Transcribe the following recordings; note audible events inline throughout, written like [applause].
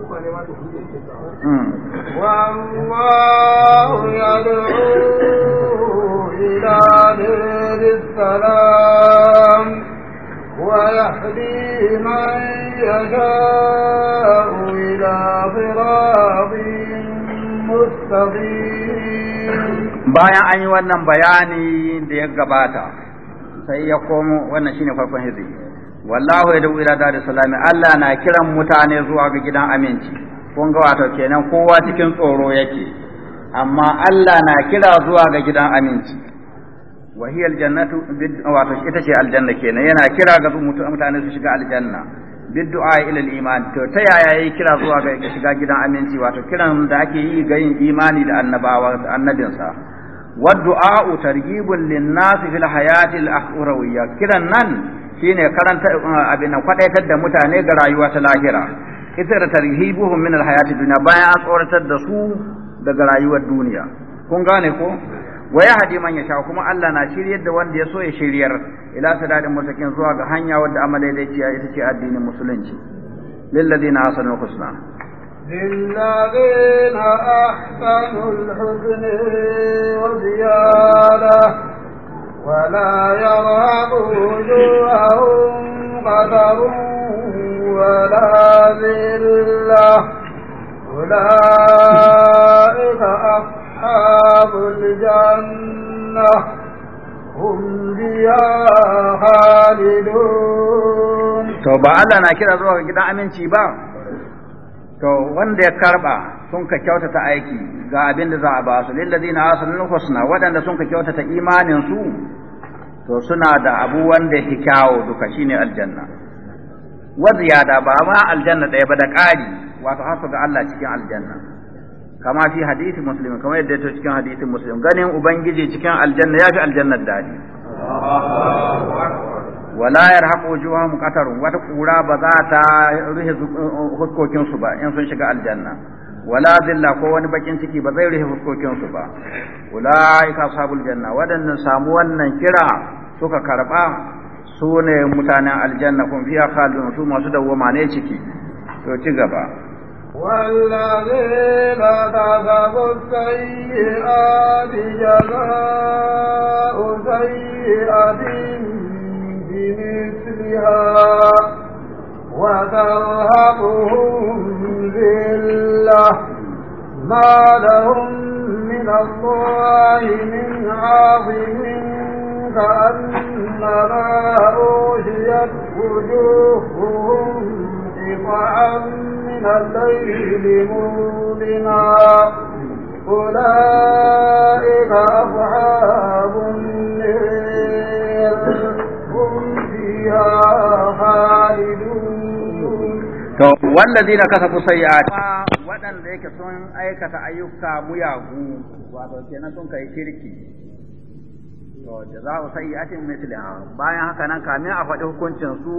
والله يدعو إلى دير السلام ويهدي من يشاء إلى صراط مستقيم bayan an yi wannan bayani da ya gabata sai ya komo wannan shine farkon hizbi wallahu ya dawo ila da salami Allah na kiran mutane zuwa ga gidan aminci kun ga wato kenan kowa cikin tsoro yake amma Allah na kira zuwa ga gidan aminci wa hiya aljannatu wato ita ce aljanna kenan yana kira ga mutane su shiga aljanna bid'a ila iman to ta yaya yayi kira zuwa ga shiga gidan aminci wato kiran da ake yi ga yin imani da annabawa da annabinsa wa du'a targhibun lin-nasi fil hayati al-akhrawiyya kiran nan shine karanta uh, abin nan kwadaitar da mutane ga rayuwa ta lahira isra tarhibuhum min alhayati dunya bayan an tsoratar da su daga rayuwar duniya kun gane ko wa hadi man yasha kuma Allah na shiryar da wanda ya so ya shiryar ila sadadin mutakin zuwa ga hanya wadda amalai da ya ita ce addinin musulunci lilladina hasanul husna للذين أحسنوا وزيادة ولا يرهب وجوههم قدر ولا ذلة أولئك أصحاب الجنة هم فيها خالدون to ba Allah na kira zuwa gidan aminci ba to wanda ya karba sun ka kyautata aiki ga abin da za a ba su na hasanul husna waɗanda sun ka kyautata imanin su to suna da abu wanda yake kyawo duka shi ne aljanna wa ziyada ba ma aljanna ɗaya ba da ƙari wato har ga Allah cikin aljanna kama fi hadisi muslim kama yadda ya cikin hadisi muslim ganin ubangiji cikin aljanna ya fi aljannar daɗi wala yarhaqu wujuhahum qatarun wata ƙura ba za ta rufe huskokin ba in sun shiga aljanna wala zilla ko wani bakin ciki ba zai rufe huskokin su ba ulaika ashabul janna wadannan samu wannan kira suka karba su ne mutanen aljanna kun fiya khalidun su masu dawwama ne ciki to ci gaba والذين كسبوا السيئات جزاء سيئة بمثلها وترهقهم ذلة ما لهم من الله من عظيم كأنما أوشيت وجوههم قطعا من الليل مولنا أولئك أصحاب النير هم فيها خالدون والذين كسبوا سيئات waɗanda yake sun aikata ayyuka muyagu wato kenan sun kai kirki to jaza'u sayyi'atin mithliha bayan haka nan kamin a faɗi hukuncin su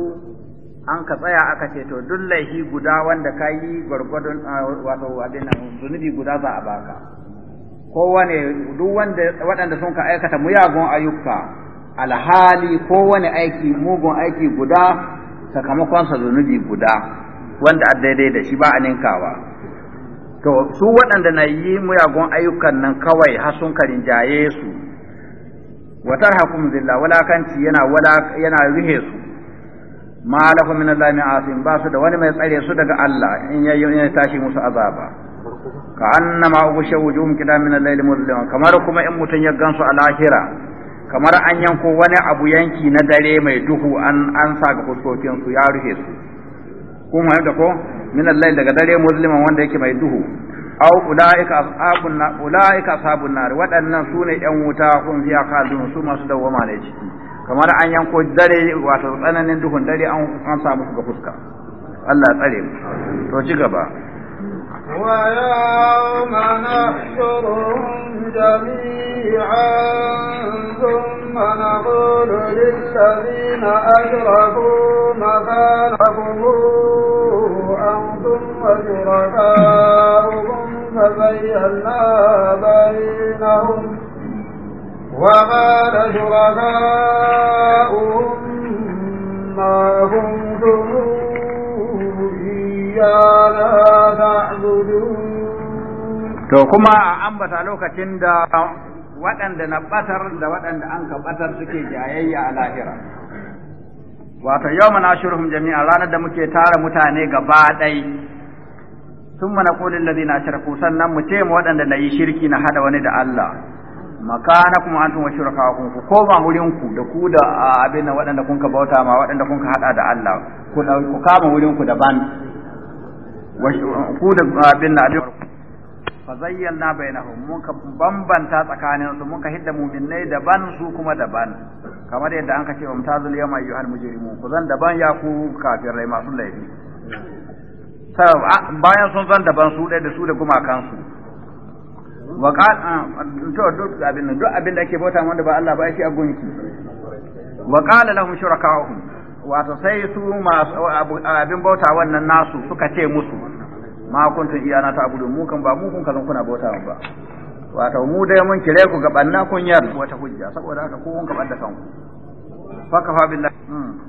an ka tsaya aka ce to duk laifi guda wanda ka yi gwargwadon wato abin nan zunubi guda za a baka kowane duk wanda waɗanda sun ka aikata muyagun ayyuka alhali kowane aiki mugun aiki guda sakamakonsa zunubi guda wanda a daidai da shi ba a ninkawa to su waɗanda na yi muyagun ayyukan nan kawai har sun karin jaye su wa tarhaqum zilla walakanci yana wala yana rihe su ma lahu min allahi min asim ba su da wani mai tsare su daga Allah in yayi tashi musu azaba ka annama ughsha wujuhum kida min al-layli muzliman kamar kuma in mutun ya gansu a lahira kamar an yanko wani abu yanki na dare mai duhu an an sa ga fuskokin su ya rufe su kuma da ko min al-layli daga dare muzliman wanda yake mai duhu aw ulaika ashabun na ulaika ashabun nar waɗannan sune yan wuta kun ziya kalun su masu dawwama ne ciki kamar an yanko dare wato tsananin duhun dare an an samu su ga fuska Allah tsare mu to ci gaba ويوم نحشرهم جميعا ثم نقول للذين أشركوا مكانكم أنتم وشركاؤكم فزينا بينهم وقال شركاؤهم ما كنتم إيانا تعبدون To kuma a ambata lokacin da waɗanda na ɓatar da waɗanda an ka ɓatar suke jayayya a lahira. Wato yau mana jami'a ranar da muke tara mutane gaba ɗai sun mana kolin lazina a ku sannan mu ce mu waɗanda na yi shirki na hada wani da Allah makana kuma an tuma shirka kun ku koma wurinku da ku da abin nan waɗanda kun ka bauta ma waɗanda kun ka hada da Allah ku kama wurinku daban ku da abin nan abin fa zayyana bainahum mun ka bambanta tsakanin su mun ka hidda mu mu'minnai daban su kuma daban kamar yadda an ka ce wa mutazul yi ayyuhal mujrimun ku zan daban ya ku kafirai masu laifi bayan sun san daban su ɗaya da su da gumakansu wa ka to duk abin nan duk abin da ake bauta wanda ba Allah ba shi a gunki wa qala lahum wa to sai su ma abin bauta wannan nasu suka ce musu ma kuntum iyana ta abudu mu kan ba mu kun kazan kuna bauta ba wato mu dai mun kire ku ga banna kun yar wata hujja saboda haka ku kun ka da kanku fa kafa billahi hmm.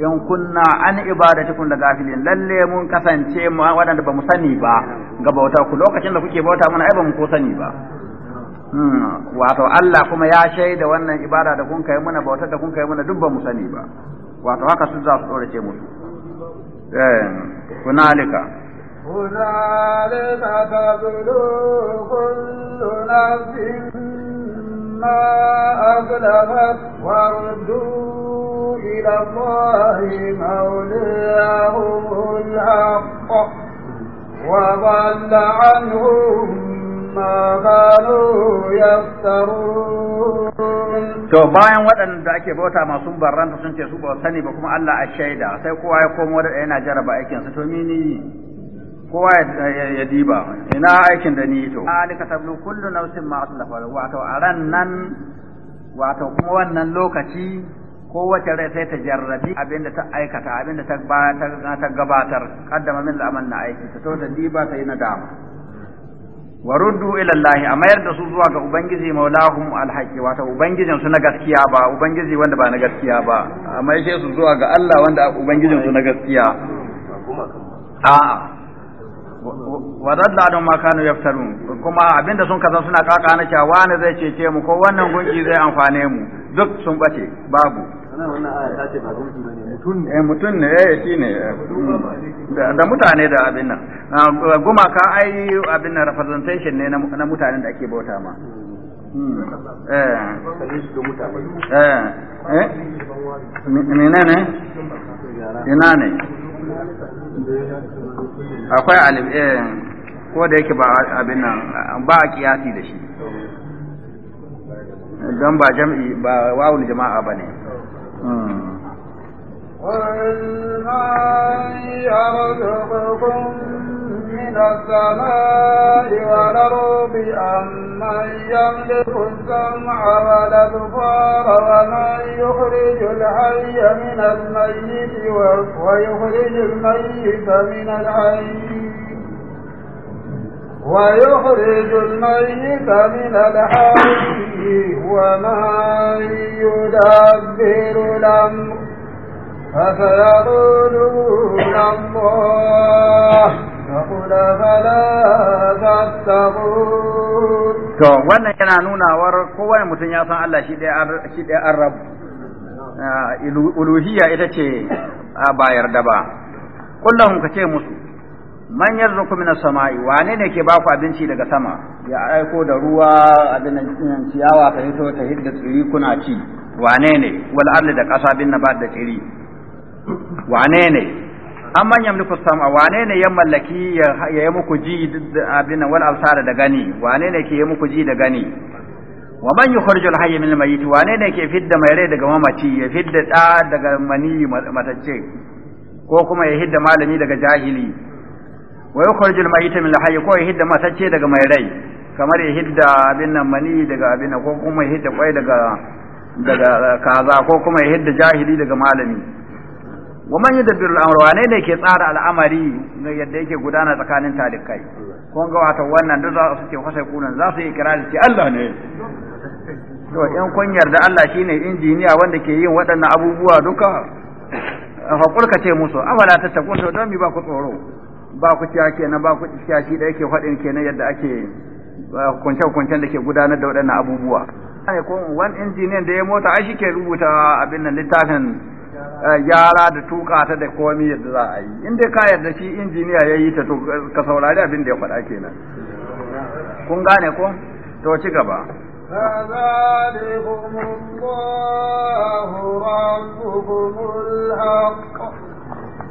in kunna an ibadatikum da gafilin lalle mun kasance mu wadanda ba mu sani ba ga bauta ku lokacin da kuke bauta mana ai ba mu ko sani ba hmm, wato Allah kuma ya shaida wannan ibada da kun kai mana bautar da kun kai mana duk ba mu sani ba wato haka su za su tsorace musu eh kunalika hunalika tabdu kullu nafsin ما أبلغت وردوا إلى الله مولاهم الحق وضل عنهم To bayan waɗanda ake bauta masu barranta sun ce su ba sani ba kuma Allah a shaida sai kowa ya komo da yana jaraba aikinsa to mini kowa ya diba ina aikin da ni to alika tablu kullu nafsin ma aslafa wato a ran nan wato kuma wannan lokaci kowace rai sai ta jarrabi abinda ta aikata abinda ta ta gabatar kaddama min zaman na aiki ta to da diba ta yi nadama wa ruddu ila Allah a mayar da su zuwa ga ubangiji maulahum alhaqi wato ubangijin su na gaskiya ba ubangiji wanda ba na gaskiya ba a mai su zuwa ga Allah wanda ubangijin su na gaskiya a'a wa dalla don ma kanu kuma abinda sun kaza suna kaka na cewa wani zai cece mu ko wannan gunki zai amfane mu duk sun bace babu mutum ne ya eh, eh, shi ne da mutane da abin nan ah, gumaka ai abin nan representation ne na da ake bauta ma hmm. eh eh, eh. ne ina ne akwai alif eh, ko da yake ba abin nan ba a kiyasi da shi don ba jam'i ba wawul jama'a ba ne hmm. ومن يرزقكم من السماء والأرض أمن يملك السمع والأبصار ومن يخرج الحي من الميت ويخرج الميت من الحي ويخرج الميت من الحي ومن يدبر الأمر فسيقولون الله فقل فلا تتقون to wannan yana nunawar kowane mutum ya san Allah shi ɗaya an rabu ah, uluhiyya ita ce a ba yarda ba kullum ka ce musu man yarzuku minas sama'i wane ne ke baku abinci daga sama ya aiko da ruwa cikin ciyawa ka hito ta hidda tsiri kuna ci wane ne wal ardi da ƙasa bin nabat da tsiri wane ne amman yamliku sam'a wane ne ya mallaki ya yi muku ji abin wal absara da gani wane ne ke yi muku ji da gani wa man al hayy min al-mayyit wane ne ke fidda mai rai daga mamaci ya fidda da daga mani matacce ko kuma ya hidda malami daga jahili wa al mayyit min al-hayy ko ya hidda matacce daga mai rai kamar ya hidda abin nan mani daga abin ko kuma ya hidda kwai daga daga kaza ko kuma ya hidda jahili daga malami wa man yudabbiru al-amra wane ne ke tsara al'amari yadda yake gudana tsakanin talikai kun ga wato wannan da za su ce kwasai kunan za su yi kirari ce Allah ne to in kun yarda Allah shine injiniya wanda ke yin waɗannan abubuwa duka kurka ce musu afala ta takun to don mi ba ku tsoro ba ku ciya kenan ba ku ciya shi da yake faɗin kenan yadda ake kunce-kuncen da ke gudanar da waɗannan abubuwa ne ko wani injiniyan da ya mota ai shi ke rubuta abin nan littafin Eh, gyara da tuka ta da komi yadda za a yi in dai ka yarda shi injiniya ya yi ta to eh, ka saurari abin da ya faɗa kenan kun gane ko to ci gaba فذلكم الله ربكم الحق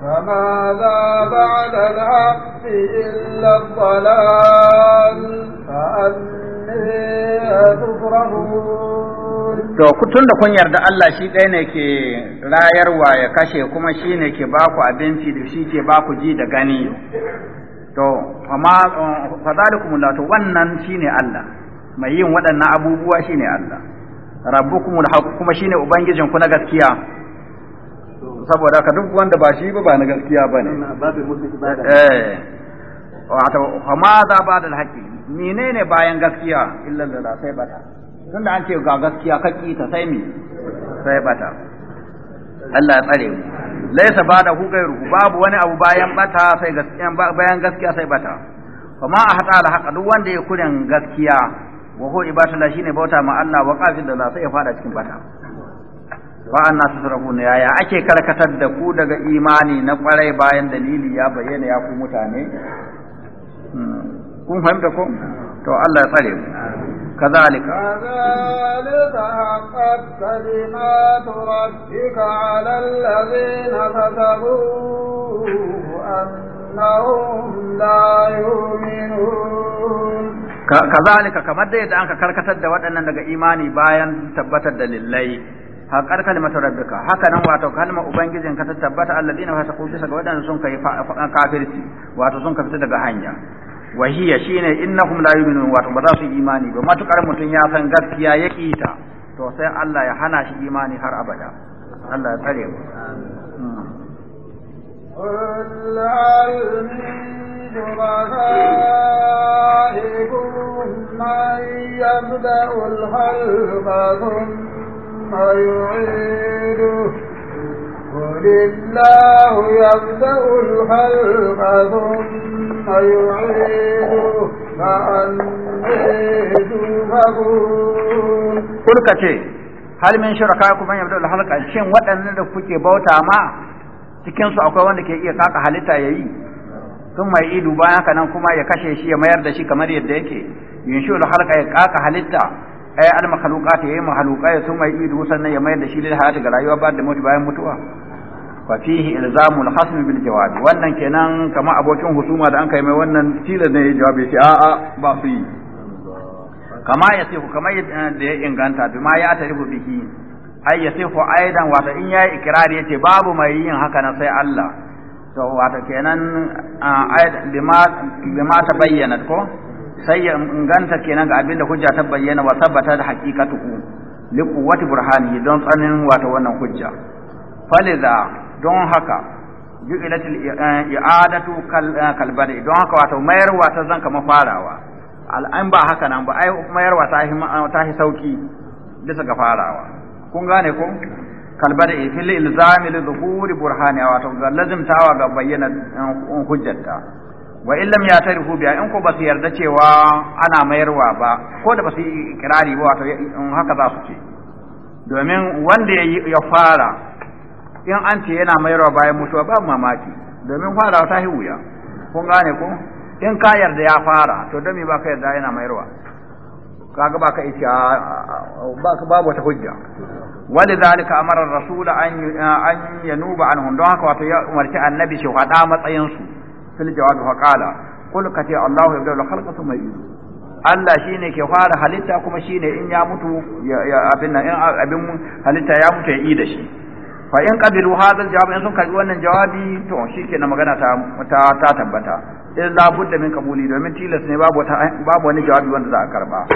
فماذا بعد الحق إلا الضلال فأني تفرحون To, tun da kun yarda Allah shi ɗaya ne ke rayarwa ya kashe kuma shi ne ke ba ku abinci da shi ke ba ku ji da gani. To, amma eh, fazalikumullah to wannan shi ne Allah, mai yin waɗannan abubuwa shi ne Allah. Rabbukumul haqq kuma shi ne Ubangijinku na gaskiya. saboda ka duk wanda ba shi ba ba na gaskiya ba ne eh. wato ma za ba da haƙƙi menene bayan gaskiya illa da sai bata tun da an ce ga gaskiya ka ta sai mi sai bata Allah ya tsare mu laisa ba da hugairu babu wani abu bayan bata sai gaskiya bayan gaskiya sai bata kuma a hada da haka duk wanda ya kuren gaskiya wa ko ibadatu la shine bauta ma Allah wa qafil da la sai ya fada cikin bata wa'anna tusrafun ya ya ake karkatar da ku daga imani na kwarai bayan dalili ya bayyana ya ku mutane hmm. kun fahimta ko to Allah ya tsare mu Kazalika kadhalika haqqat 'ala alladhina annahum kamar da yadda anka karkatar da waɗannan daga imani bayan tabbatar da lillahi haƙar kalmatar rabbika haka nan wato kalmar ubangijin ka ta tabbata alladina fasaqu bisa ga waɗanda sun kai kafirci wato sun kafita daga hanya wa hiya shine innahum la yu'minun wato ba za su imani ba matukar mutum ya san gaskiya ya kita to sai Allah ya hana shi imani har abada Allah ya tsare mu amin من يبدأ الخلق ثم ثم قل الله يبدأ الخلق ثم يعيده فأني hal min shuraka kuma yabda halqa shin waɗannan da kuke bauta ma cikin su akwai wanda ke iya kaka halitta ya yi. sun mai idu bayan kanan kuma ya kashe shi ya mayar da shi kamar yadda yake yunshul halqa ya kaka halitta ai al makhluqat yayi makhluqa ya suma idu sannan ya mayar da shi lil hayati ga rayuwa ba da mutu bayan mutuwa fa fihi ilzamul hasm bil jawab wannan kenan kamar abokin husuma da an kai mai wannan tila ne ya jawabe shi a'a ba su yi kama ya sifu kama eh, da ya inganta bi ma ya tarifu bihi ai ya sifu aidan wata in yayi ikrari yace babu mai yin haka na sai Allah to wata kenan eh, ma bi ta bayyana ko sai ya inganta kenan ga abin da hujja ta bayyana wa tabbata da haqiqatuhu li quwwati burhani don tsanin wata wannan hujja faliza don haka ju'ilatil eh, i'adatu kalbari eh, don haka wato mayarwa ta zan kama farawa al'an ba haka nan ba ai mayarwa ta hi ta hi sauki bisa ga farawa kun gane ko kalbari fil ilzami li dhuhuri burhani wato lazim lazimtawa ga bayyana eh, hujjarta wa illam ya ta rufu biya in ko ba su yarda cewa ana mayarwa ba ko da ba su yi ikirari ba wato in haka za su ce domin wanda ya fara in an ce yana mayarwa bayan mutuwa ba mamaki domin fara ta yi wuya kun gane ko in ka yarda ya fara to don me ba ka yarda yana mayarwa kaga ba ka ita ba ka babu wata hujja ولذلك امر الرسول ان ان ينوب عنهم don haka wato ya umarci annabi shi faɗa matsayinsu fil jawabi fa qala qul kati allah yabda al khalqa thumma yu'id Allah shine ke fara halitta kuma shine in ya mutu ya abin nan in abin halitta ya mutu ya yi da shi fa in qabilu hadha al jawab in sun karbi wannan jawabi to shikenan magana ta ta tabbata in la budda min kabuli domin tilas ne babu babu wani jawabi wanda za a karba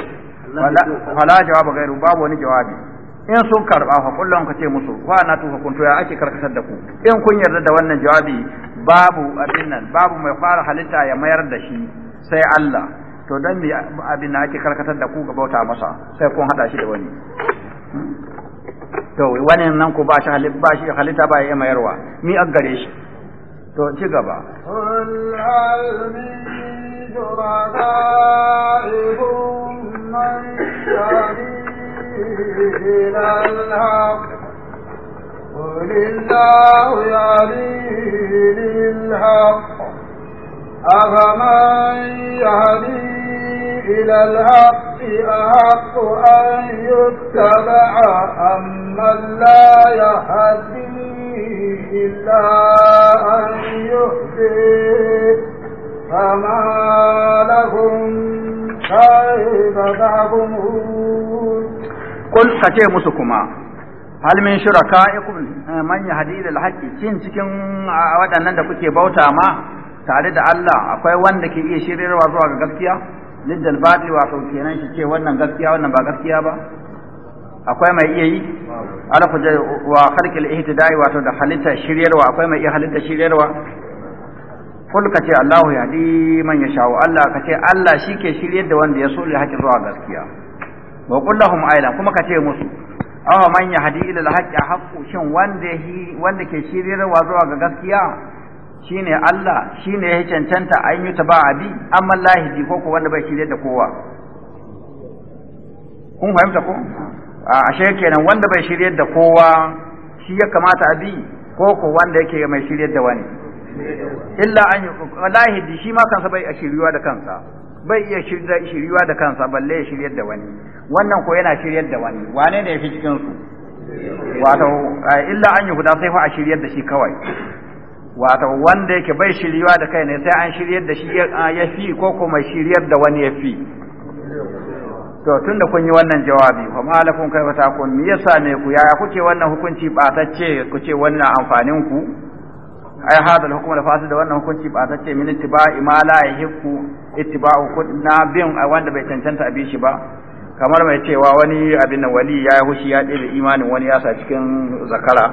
fala jawabu gairu babu wani jawabi in sun karba fa kullum ka ce musu wa na tuka kun to ya ake karkatar da ku in kun yarda da wannan jawabi babu abin nan babu mai fara halitta ya mayar da shi sai Allah to dan me abin nan ake karkatar da ku ga bauta masa sai kun hada shi da wani to wani nan ku ba shi halitta ba shi halitta ba ya mayarwa mi an gare shi to ci gaba من قل الله الحق للحق أفمن يهدي إلى الحق أحق أن يتبع أم من لا يهدي إلا أن يهدي فما لهم كيف تعبون قل كتير مسكما hal min shuraka'ikum eh, man yahdil lil haqqi shin cikin waɗannan da kuke bauta ma tare da Allah akwai wanda ke iya shiryarwa zuwa ga gaskiya liddal wa to kenan shi ce wannan gaskiya wannan ba gaskiya ba akwai mai iya yi ala ku wa kharqil ihtida'i wa to da halitta shiryarwa akwai mai iya halitta shiryarwa kul kace Allah ya di man yasha'u Allah kace Allah shi ke shiryar da wanda ya so ya haƙi zuwa gaskiya wa kullahum aila kuma kace musu awa man ya hadi ila alhaqi haqqu shin wanda wanda ke shirirwa zuwa ga gaskiya shine Allah shine ya cancanta a yi ta ba abi amma lahidi ko ko wanda bai shirya da kowa kun fahimta ko a ashe kenan wanda bai shirya da kowa shi ya kamata abi ko ko wanda yake mai shirya da wani illa an lahidi shi ma kansa bai a shiryuwa da kansa bai iya shiryuwa da kansa balle ya shiryar da wani wannan ko yana shiryar da wani wane ne yafi cikin su wato illa an yi huda sai fa a shiryar da shi kawai wato wanda yake bai shiryuwa da kai ne sai an shiryar da shi ya fi ko kuma shiryar da wani ya fi to tunda kun yi wannan jawabi fa kai fata kun me yasa ne ku yaya kuke wannan hukunci batacce ku ce wannan amfanin ku ai hadal hukuma da fasu da wannan hukunci batacce min ittiba'i ma la yahiqu ittiba'u na bin wanda bai cancanta abin shi ba kamar mai cewa wani abin nan wali ya yi hushi ya ɗebe imanin wani ya sa cikin zakara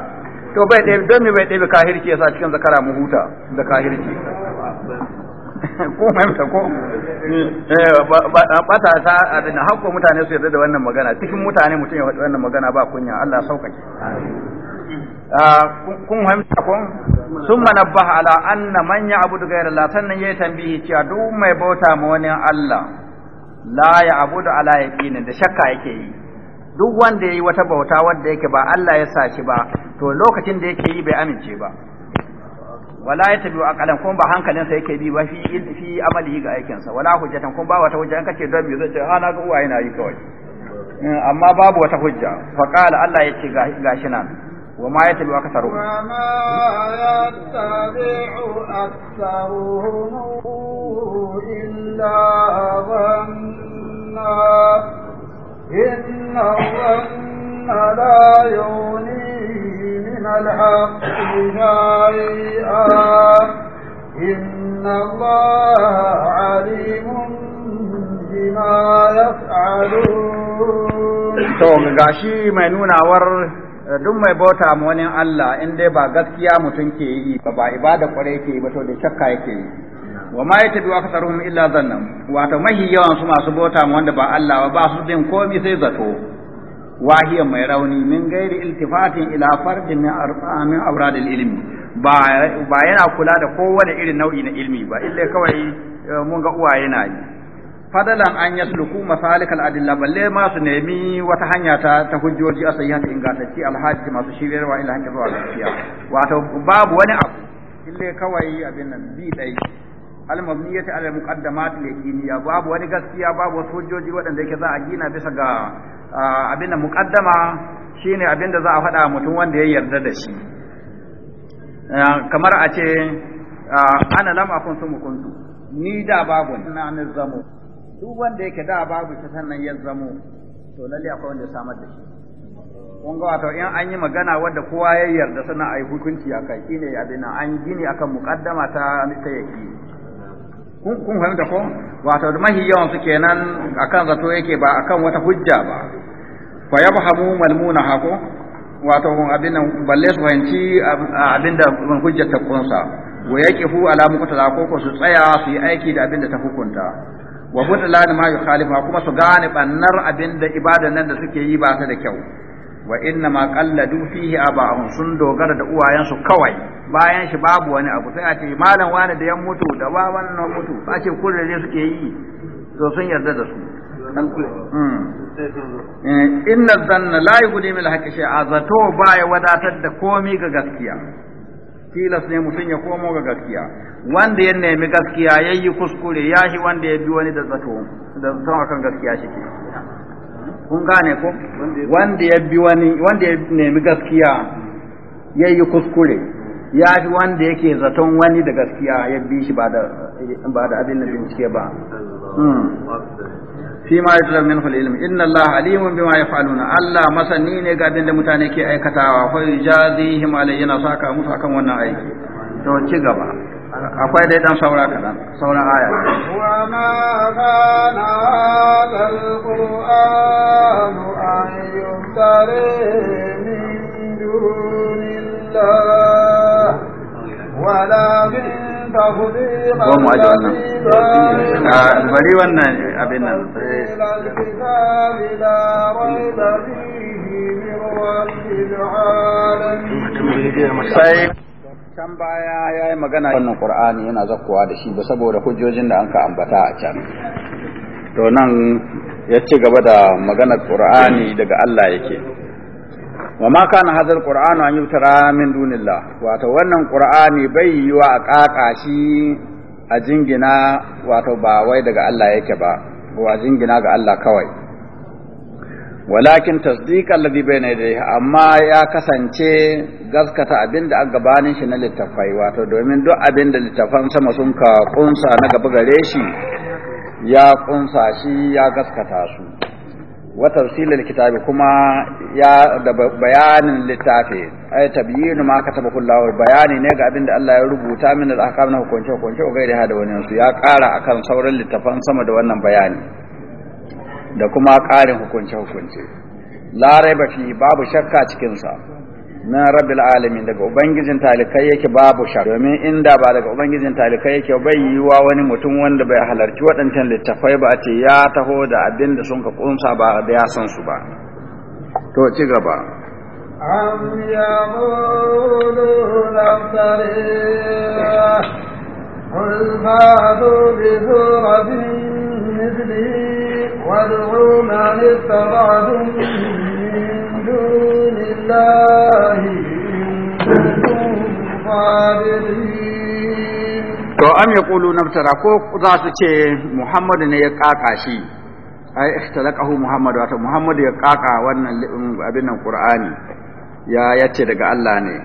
to bai ɗebe don me bai ɗebe kahirci ya sa cikin zakara mu huta da kahirci [laughs] ko mamta eh, ko ba ta ta abin hakko mutane su yarda da wannan magana cikin mutane mutum ya faɗi wannan magana ba kunya Allah sauƙaƙe kun fahimta ko sun manabba ala anna man ya abu daga sannan ya tambihi cewa duk mai bauta ma wani Allah la ya abu ala yaqinin da shakka yake yi duk wanda ya yi wata bauta wanda yake ba Allah ya sa shi ba to lokacin da yake yi bai amince ba wala ya tabi kalan kuma ba hankalinsa yake bi ba fi fi amali ga aikinsa wala hujjatan kuma ba wata hujja an kace don me zai ce ana ga uwaye na yi kawai amma babu wata hujja faqala Allah ya ce gashi nan وما يتبع أكثرهم وما يتبع أكثرهم إلا ظنا إن الظن لا يغني من الحق شيئا إن الله عليم بما يفعلون to gashi mai nunawar duk mai bauta ma wani Allah in dai ba gaskiya mutum ke yi ba ba ibada kwarai ke yi ba to da shakka yake yi wa ma duwa aktharuhum illa zannan wato mahi yawan su masu bauta ma wanda ba Allah ba ba su din komai sai zato wahiyan mai rauni min gairi iltifatin ila fardin min min awradil ilmi ba ba yana kula da kowane irin nau'i na ilmi ba illa kawai eh, mun ga uwaye na yi fadalan an yasluku masalik al-adilla balle ma su nemi wata hanya ta ta hujjoji a sayyata ingantacci alhaji masu shiryarwa ila hanya zuwa gaskiya wato babu wani abu ille kawai abin nan bi dai al-mabniyati ala muqaddamat al-yaqiniya babu wani gaskiya babu wasu hujjoji waɗanda yake za a gina bisa ga abin nan muqaddama shine abin da za a faɗa mutum wanda ya yarda da shi kamar a ce ana lam akun sumu kuntu ni da babu na nizamu duk wanda yake da babu ta sannan ya zamo to lalle akwai wanda ya samar da shi kun ga wato in an yi magana wadda kowa ya yarda sannan a yi hukunci a kai shine abin nan an gini akan muqaddama ta ta yake kun kun fahimta ko wato da mahi yawan su kenan akan zato yake ba akan wata hujja ba fa yabhamu malmuna hako wato abin nan balle su fahimci abin da hujjar ta kunsa wa yaqifu ala muqtala ko su tsaya su yi aiki da abin da ta hukunta wa budlan ma yukhalifa kuma su gane bannar abinda ibadan nan da suke yi ba ta da kyau wa inna ma qalladu fihi abahum sun dogara da uwayensu kawai bayan shi babu wani abu sai a ce malam wani da ya mutu da baban na mutu a ce ne suke yi to sun yarda da su hmm. eh, inna zanna la yuhdimu min haqqi shay'a zato baya wadatar da komi ga gaskiya tilas ne mutum ya komo ga gaskiya wanda ya nemi gaskiya ya yi kuskure ya shi wanda ya bi wani da zato da zato akan gaskiya shi ke kun gane ko wanda ya bi wani wanda ya nemi gaskiya ya yi kuskure ya fi wanda yake zaton wani da gaskiya ya bi shi ba da abin da bincike ba hmm. fi ma yutlab minhu al-ilm inna Allah alimun bima yaf'aluna Allah masani ne ga abin da mutane ke aikatawa fa yujazihim alayhi yana saka musu akan wannan aiki to ci gaba akwai dai dan saura kadan sauran aya wa ma kana al-qur'an an min dunillah ko mu aje wannan a ah, bari wannan abin nan sai can baya ya yi magana wannan ƙur'ani yana zakkowa da shi ba saboda hujjojin da an ka ambata a can to nan ya ci gaba da maganar ƙur'ani daga Allah yake wa ma kana hadal qur'anu an yutara min dunillah wato wannan qur'ani bai yiwa a kaka shi a jingina wato ba wai daga Allah yake ba wa jingina ga Allah kawai walakin tasdiqa alladhi bayna yadayhi amma ya kasance gaskata abinda an gabanin shi na littafai wato domin duk abinda littafan sama sun ka kunsa na gaba gare shi ya kunsa shi ya gaskata su wa tafsilil kitabi kuma ya da bayanin littafi ay tabyinu ma kataba kullahu bayani ne ga abin da Allah ya rubuta min al ahkam na hukunce hukunce ga da hada wani su ya kara akan sauran littafan sama da wannan bayani da kuma karin hukunci hukunce la raiba fi babu shakka cikin sa na rabbil alamin daga ubangijin talikai yake babu shar domin inda ba daga ubangijin talikai yake bai yiwa wani mutum wanda bai halarci waɗancan littafai ba a ce ya taho da abin da sun ka kunsa ba da ya san su ba to ci gaba am yaquluna sarih قل فاتوا بسورة وادعوا من استطعتم من دون To am ya ƙulu naftara ko za su ce Muhammadu ne ya ƙaƙa shi, ai, ihtalaqahu Muhammadu wata Muhammadu ya ƙaƙa wannan abin nan Ƙura'ani ya yace daga Allah ne.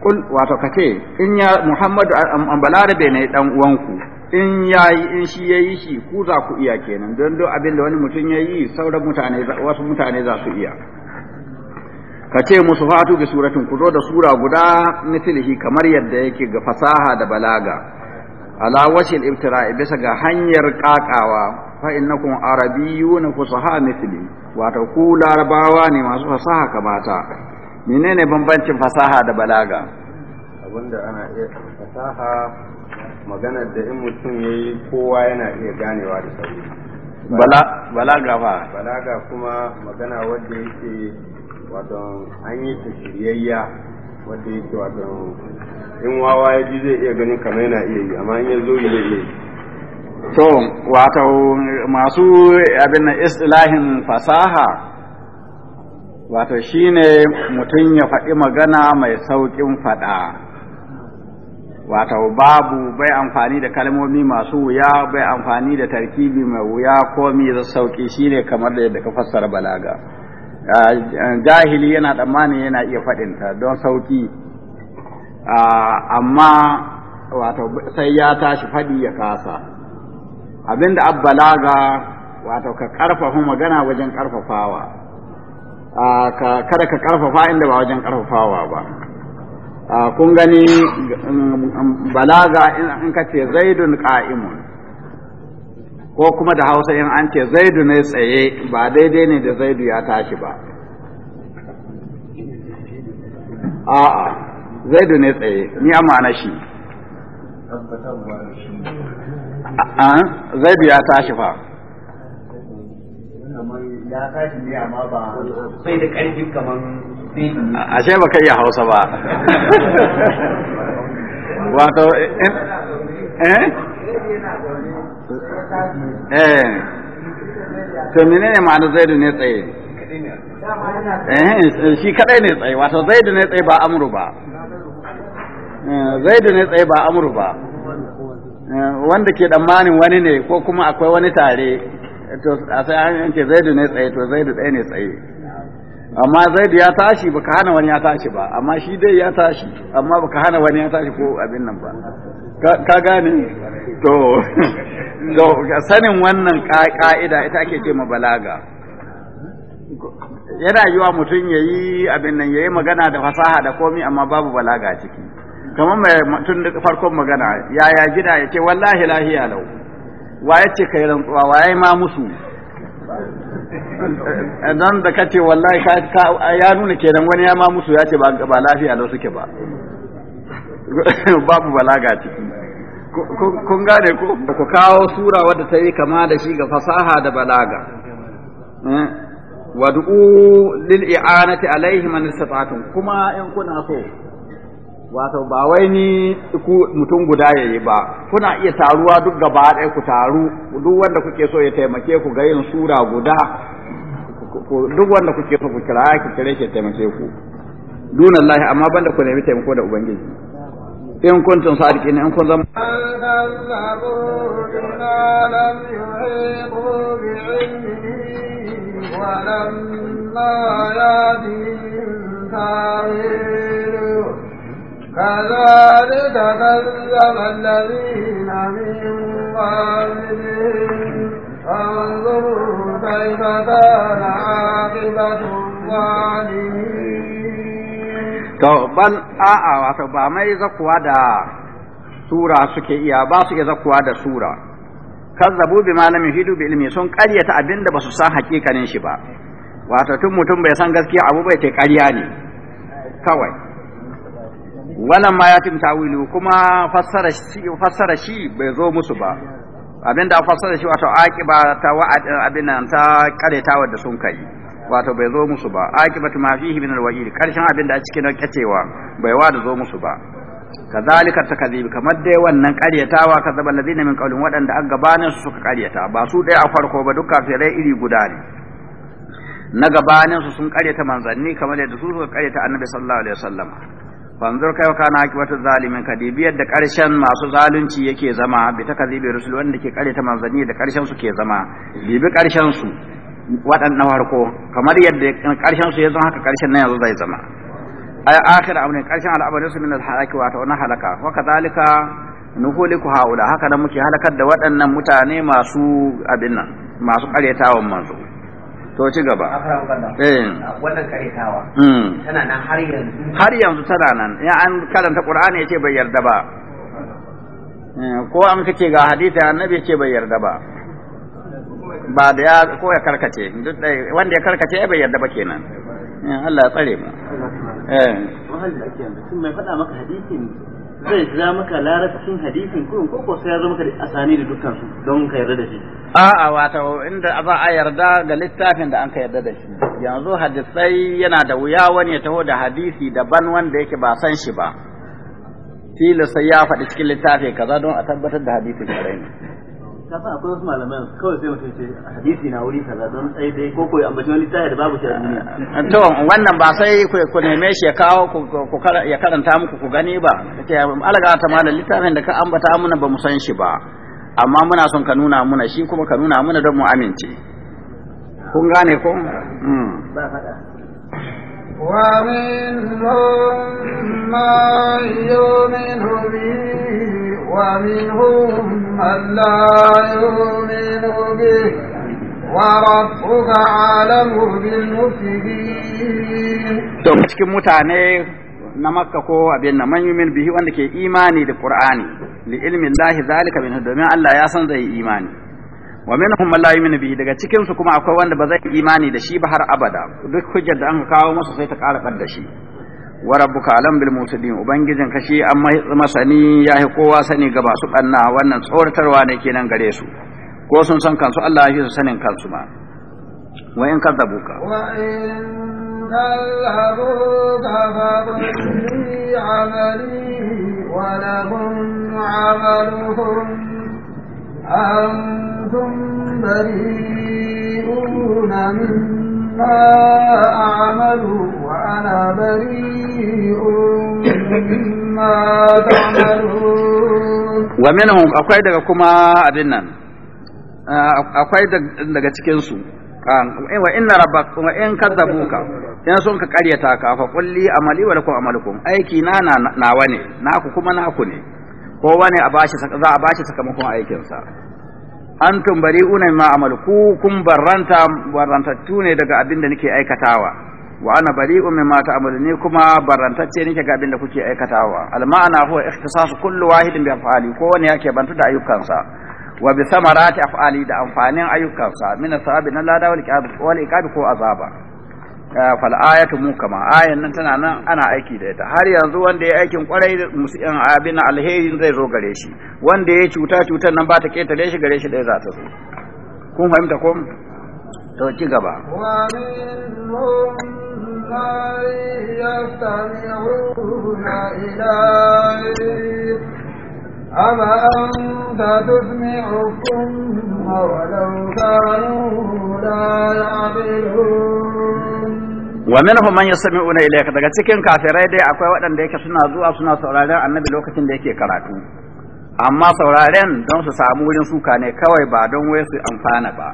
Kul wato ka ce, in ya Muhammadu balarabe ne ɗan uwanku, in ya yi in shi ya yi shi ku za ku iya kenan, don duk abin da wani mutum ya yi sauran mutane wasu mutane za su iya. ka ce musu fatu bi suratin ku zo da sura guda mithlihi kamar yadda yake ga fasaha da balaga ala wajhil ibtira'i bisa ga hanyar kakawa fa innakum arabiyyun fusaha mithli wato ku larabawa ne masu fasaha kamata menene bambancin fasaha da balaga abinda ana iya fasaha magana da in mutum yayi kowa yana iya ganewa da sauri balaga fa balaga kuma magana wanda yake wato an yi ta shiryayya wata yake wato in wawa ya ji zai iya ganin kamar yana iya yi amma in ya zo yi zai iya yi to wato masu abin na istilahin fasaha wato shine mutum ya faɗi magana mai sauƙin faɗa wato babu bai amfani da kalmomi masu wuya bai amfani da tarkibi mai wuya ko mi sauƙi shine kamar da yadda ka fassara balaga jahili yana tsammani yana iya faɗinta don sauƙi amma wato sai ya tashi faɗi ya kasa abinda abbalaga wato ka ƙarfafa magana wajen ƙarfafawa kada ka ƙarfafa inda ba wajen ƙarfafawa ba kun gani um, um, balaga in ka ce zaidun ƙa'imun ko kuma da hausa in an ce zaidu ne tsaye ba daidai ne da zaidu ya tashi ba a'a zaidu ne tsaye ni amma ma'ana shi zaidu ya tashi fa ya tashi ne amma ba sai da ƙarfi kamar ashe ba kai ya hausa ba [laughs] wato eh, eh? eh to menene ma'anar zaidu ne tsaye eh shi kadai ne tsaye wato zaidu ne tsaye ba amru ba eh, zaidu ne tsaye ba amru ba eh, wanda ke tsammanin wani ne ko kuma akwai wani tare to a sai an ce zaidu ne tsaye to zaidu tsaye ne tsaye amma zaidu ya tashi baka hana wani ya tashi ba amma shi dai ya tashi amma baka hana wani ya tashi ko abin nan ba ka gane to [laughs] sanin wannan ka'ida ita ake ce ma balaga yana yiwa mutum ya yi abin nan ya yi magana da fasaha da komi amma babu balaga ciki kamar mai tun da farkon magana yaya gida ya ce wallahi lahiya lau wa ya ce kai rantsuwa wa ya yi ma musu don da ka ce wallahi ya nuna kenan wani ya ma musu ya ce ba lafiya lau suke ba [laughs] babu balaga ciki kun gane ko ku kawo sura wadda ta yi kama da shi ga fasaha da balaga eh? wad'u lil i'anati alaihi man istata'tum kuma in kuna so wato ba wai ni ku mutum guda yayi ba kuna iya taruwa duk gaba ɗaya ku taru duk wanda kuke so ya taimake ku ga yin sura guda duk wanda kuke so ku kira ki kire shi taimake ku dunallahi amma banda ku nemi taimako da ubangiji in kuntum sadiqin in kun zama ولما يأتهم تأويله كذلك كذب الذين من قبلهم فانظروا كيف كان عاقبة الظالمين to ban a'a wato ba mai zakuwa da sura suke iya ba su iya zakuwa da sura kazzabu bi malamin hidu bi ilmi sun karyata abinda ba su san hakikanin shi ba wato tun mutum bai san gaskiya abu bai ce ƙarya ne kawai wannan ma ya tawilu kuma fassara shi fassara shi bai zo musu ba abinda fassara shi wato aqiba ta abin abinan ta karyatawa da sun kai wato bai zo musu ba akibatu ma fihi min alwajid karshen abin da a cikin kacewa bai wa zo musu ba kazalika takazib kamar dai wannan ƙaryatawa kazaba ladina min qawlin waɗanda an gabanin su suka ƙaryata ba su dai a farko ba duk dai iri guda ne na gabanin su sun ƙaryata manzanni kamar yadda su suka ƙaryata annabi sallallahu alaihi wasallam fanzur kai ka na akibatu zalimin kadibiyar da karshen masu zalunci yake zama bi takazibi rusul wanda ke ƙaryata manzanni da karshen su ke zama bibi karshen su waɗannan farko kamar yadda ƙarshen su ya zama haka ƙarshen na yanzu zai zama a akhir amrin ƙarshen al'amarin su min al-halaki wa ta wannan halaka wa kadhalika nuhuliku haula haka nan muke halakar da waɗannan mutane masu abin nan masu ƙaretawan manzo to ci gaba eh wannan ƙaryatawa hmm. tana nan har yanzu har yanzu tana nan ya an karanta qur'ani yace bai yarda ba eh, ko an kace ga hadisi annabi yace bai yarda ba ba da ya ko ya karkace wanda ya karkace bai yarda ba kenan eh, Allah ya tsare mu eh mai faɗa maka hadisin zai ja maka larabcin hadisin kurun ko ko sai ya zama da asani da dukkan su don ka yarda da shi a'a wato inda za a yarda ga littafin da an ka yarda da shi yanzu hadisai yana da wuya wani ya taho da hadisi daban wanda yake ba san shi ba tilo sai ya faɗi cikin littafi kaza don a tabbatar da hadisin kare ne ka san akwai wasu malaman kawai sai mutum ce hadisi na wuri kaza don tsaye dai ko koyi ambaci wani tayar da babu shi a duniya to wannan ba sai ku neme shi ya kawo ku ya karanta muku ku gani ba kace alaga ta malam littafin da ka ambata amuna ba mu san shi ba amma muna son ka nuna muna shi kuma ka nuna muna don mu amince kun gane ko hmm. ba faɗa ومنهم من يؤمن به ومنهم من لا يؤمن به وربك أعلم بالمفسدين cikin mutane na makka ko abin na man yumin bihi wanda ke imani da qur'ani li ilmin lahi zalika min domin Allah ya san zai imani wa minhum man la yu'minu bihi daga cikin su kuma akwai wanda ba zai imani da shi ba har abada duk hujjar da an kawo masa sai ta ƙara da shi wa rabbuka alam bil mutadin ubangijin ka shi an masani ya yi kowa sani ga masu banna wannan tsoratarwa ne kenan gare su ko sun san kansu Allah ya su sanin kansu ma wa in kadzabuka wa in أنتم بريئون مما أعمل أنا بريء مما تعملون ومنهم أقوى دقا كما أبنان أقوى دقا تكنسو wa inna rabbak wa in kadzabuka in sun ka karyata ka fa kulli amali wa lakum amalukum aiki na na nawa ne naku kuma naku ne kowa ne a bashi za a bashi sakamakon aikin sa antum bari'una ma amalu ku kun barranta barrantattu ne daga abin da nake aikatawa wa ana ma ta ta'malu ni kuma barantacce nake ga abin da kuke aikatawa al ma'ana huwa ikhtisasu kullu wahidin bi af'ali ko wani yake bantu da ayyukansa wa bi samarati af'ali da amfanin ayyukansa min asabi na lada wal iqab wal iqab ko azaba eh, fal ayatu mukama ayan nan tana nan ana aiki da ita har yanzu wanda ya aikin kwarai musin abin alheri zai zo gare shi wanda ya cuta cutar nan ba ta ketare shi gare shi dai za ta zo kun fahimta ko to ci gaba يستمعون إليك أما أنت تسمعكم ولو كانوا لا يعقلون ومنهم من يستمعون إليك daga cikin kafirai dai akwai waɗanda yake suna zuwa suna sauraren annabi lokacin da yake karatu amma sauraren don su samu wurin suka ne kawai ba don wai su amfana ba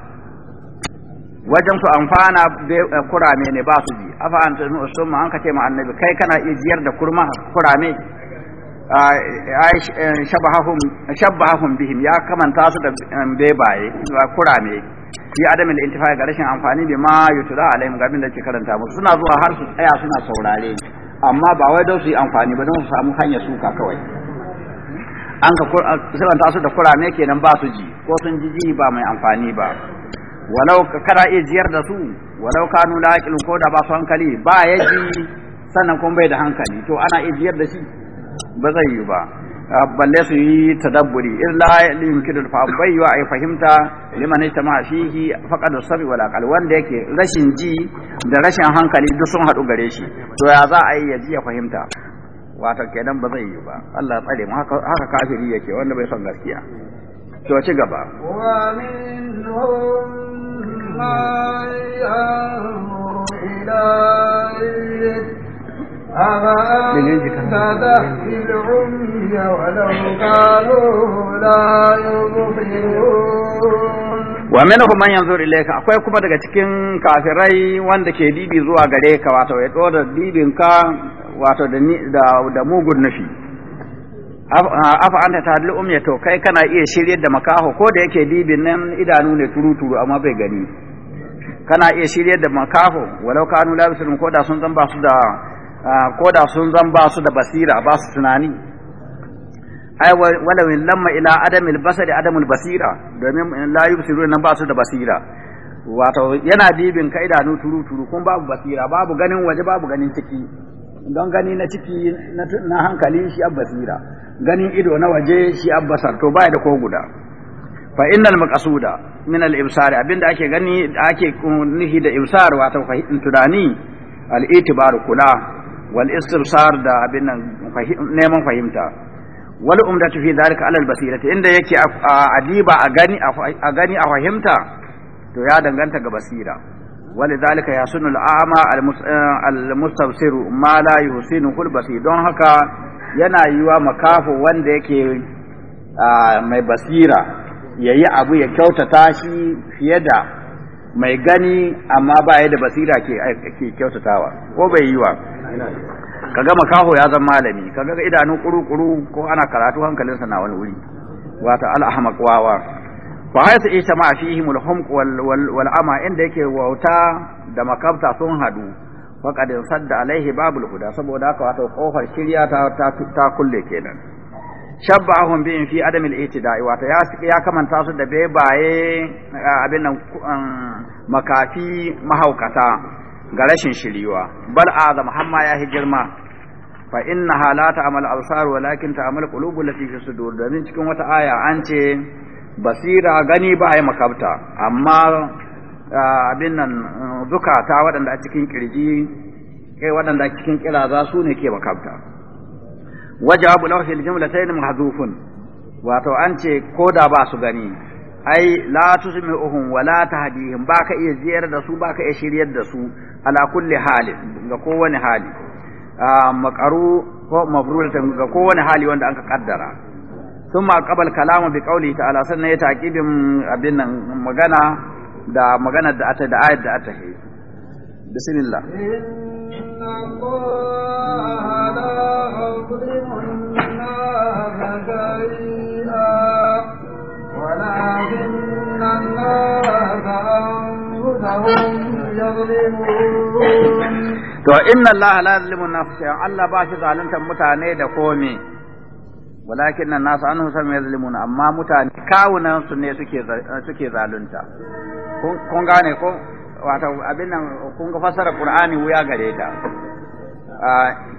wajen su amfana eh, kurame ne ba su ji afa an tunu summa an kace ma annabi kai kana iya jiyar da kurma kurame eh, shabahahum shabahahum bihim ya kamanta su da eh, bebaye kurame fi adam da intifa ga rashin amfani bi ma yutura alaihim gabin da ke karanta musu suna zuwa har su tsaya suna saurare amma ba wai don su yi amfani ba don su samu hanyar suka kawai an ka siranta su da kurame kenan ba su ji ko sun ji ji ba mai amfani ba walau kada iya jiyar da su walau kanu la yaqilun ko da ba su hankali ba ya ji sannan kuma bai da hankali to ana iya jiyar da shi ba zai yi ba ah, balle su yi tadabburi illa yumkinu fa bai wa yi fahimta liman istama fihi faqad sabi wala qal wanda yake rashin ji da rashin hankali duk sun haɗu gare shi to ya za a yi ya ji ya fahimta wato kenan ba zai yi ba Allah tsare mu haka kafiri yake wanda bai son gaskiya to ci gaba wa minhum man yanzur ilayka akwai kuma daga cikin kafirai wanda ke dibi zuwa gare ka wato ya dora dibin ka wato da da mugun nufi afa anta tahdil umya to kai kana iya shiryar da makaho ko da yake dibin nan idanu ne turuturu amma bai gani kana iya shiryar da makaho walau kanu la yusirun ko da sun zan ba su da ko da sun zan ba su da basira ba su tunani ai walau lamma ila adamil basari adamul basira domin la yusirun nan ba su da basira wato yana dibin ka idanu turuturu kun babu basira babu ganin waje babu ganin ciki don gani na ciki na hankali shi basira ganin ido na waje shi abbasar to baya da ko guda fa innal maqsuda min al ibsar abinda ake gani ake nihi da ibsar wato fahimtar tunani al itibar kula wal istibsar da abin neman fahimta wal umdatu fi dalika al basirati inda yake adiba a gani a gani a fahimta to ya danganta ga basira ولذلك يحسن الأعمى المستبصر ما لا يحسنه البصير don haka. yana yiwa makafu wanda yake mai basira ya yi abu ya kyautata shi fiye da mai gani amma ba ya da basira ke kyautatawa ko bai yiwa kaga makaho ya zama malami kaga idanun kuru-kuru ko ana karatu hankalinsa na wani wuri wata al'ahmaq wawa fa haythu ma fihim al-humq wal ama inda yake wauta da makabta sun hadu faqad sadda alaihi babu huda saboda haka wato kofar shirya ta ta kulle kenan ahun bi fi adam al-ihtida'i wato ya ya kamanta su da bai abin nan makafi mahaukata ga rashin shiriwa bal azam hamma ya hi girma fa halata amala ta'mal absar walakin ta qulubu lati fi sudur domin cikin wata aya an ce basira gani ba ai makabta amma abin nan zukata waɗanda a cikin kirji kai eh, waɗanda a cikin za su ne ke bakabta wajabu ta yi jumlatayn mahzufun wato an ce ko da ba su gani ai la uhun wa la ta hadihin ba ka iya ziyar da su ba ka iya shiryar da su ala kulli halin ga kowane hali makaru ko mabrulatan ga kowane hali wanda an ka kaddara ثم قبل كلامه بقوله تعالى سنة تعقيب abin nan magana. da magana da ata da ayat da ata he bismillah To inna Allah la yuzlimu nafsa Allah ba shi zaluntar mutane da komai walakin nan nasu an husa mai amma mutane kawunan su ne suke zalunta kun gane ko wato abin nan kun ga fasara qur'ani wuya gare ta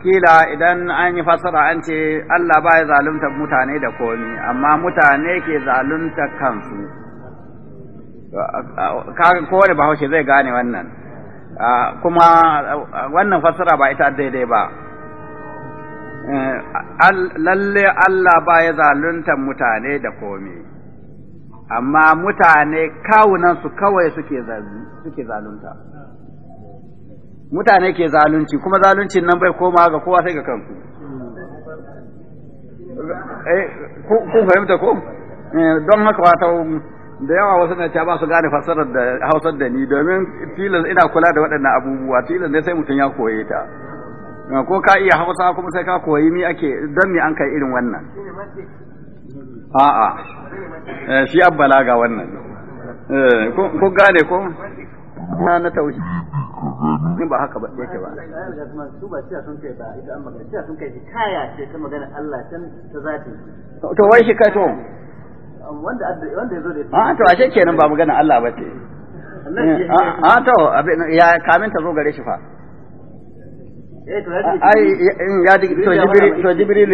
kila idan an yi fasara an ce Allah ba ya zalunta mutane da komi amma mutane ke zalunta kansu kowane bahaushe zai gane wannan kuma wannan fasara ba ita daidai ba eh, lalle Allah ba ya zalunta mutane da komi amma mutane kawunansu kawai suke zalunta mutane ke zalunci kuma zaluncin nan bai koma ga kowa sai ga kanku eh, kun fahimta ko eh, don haka wata da yawa wasu na ba su gane fasarar da hausar da ni domin tilas ina kula da waɗannan abubuwa tilas ne sai mutum ya koye ta eh, ko ka iya hausa kuma sai ka koyi mi ake don me an kai irin wannan a'a Eh, shi an balaga wannan eh, ko gane ko na na ni ba haka ba ba su ba sun kai ba ita an magana sun kai ce ta magana Allah can ta zati to wai shi kai to wanda wanda yazo da ah, ba ba ce a eh, ah, ah, to ya kamin ta zo gare shi fa ai ya to jibril to jibril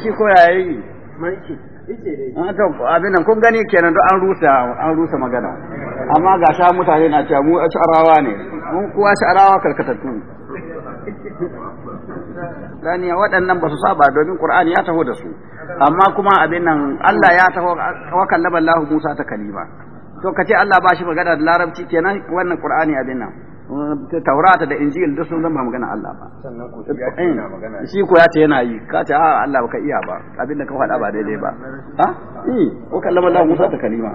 shi ko Ah, abin nan kun gani kenan duk an rusa an rusa magana amma ga sha mutane na cewa mu sha'arawa ne mun kuwa asharawa karkatattu dani waɗannan ba su saba domin qur'ani ya taho da su amma kuma abin nan Allah ya taho wa kallama Allah Musa ta kalima to kace Allah ba shi magana da larabci kenan wannan qur'ani abin nan taurata da injil duk sun zama magana Allah ba shi ko ya ce yana yi ka ce a Allah baka iya ba abinda ka faɗa ba daidai ba ha eh ko kallama Allah Musa ta kalima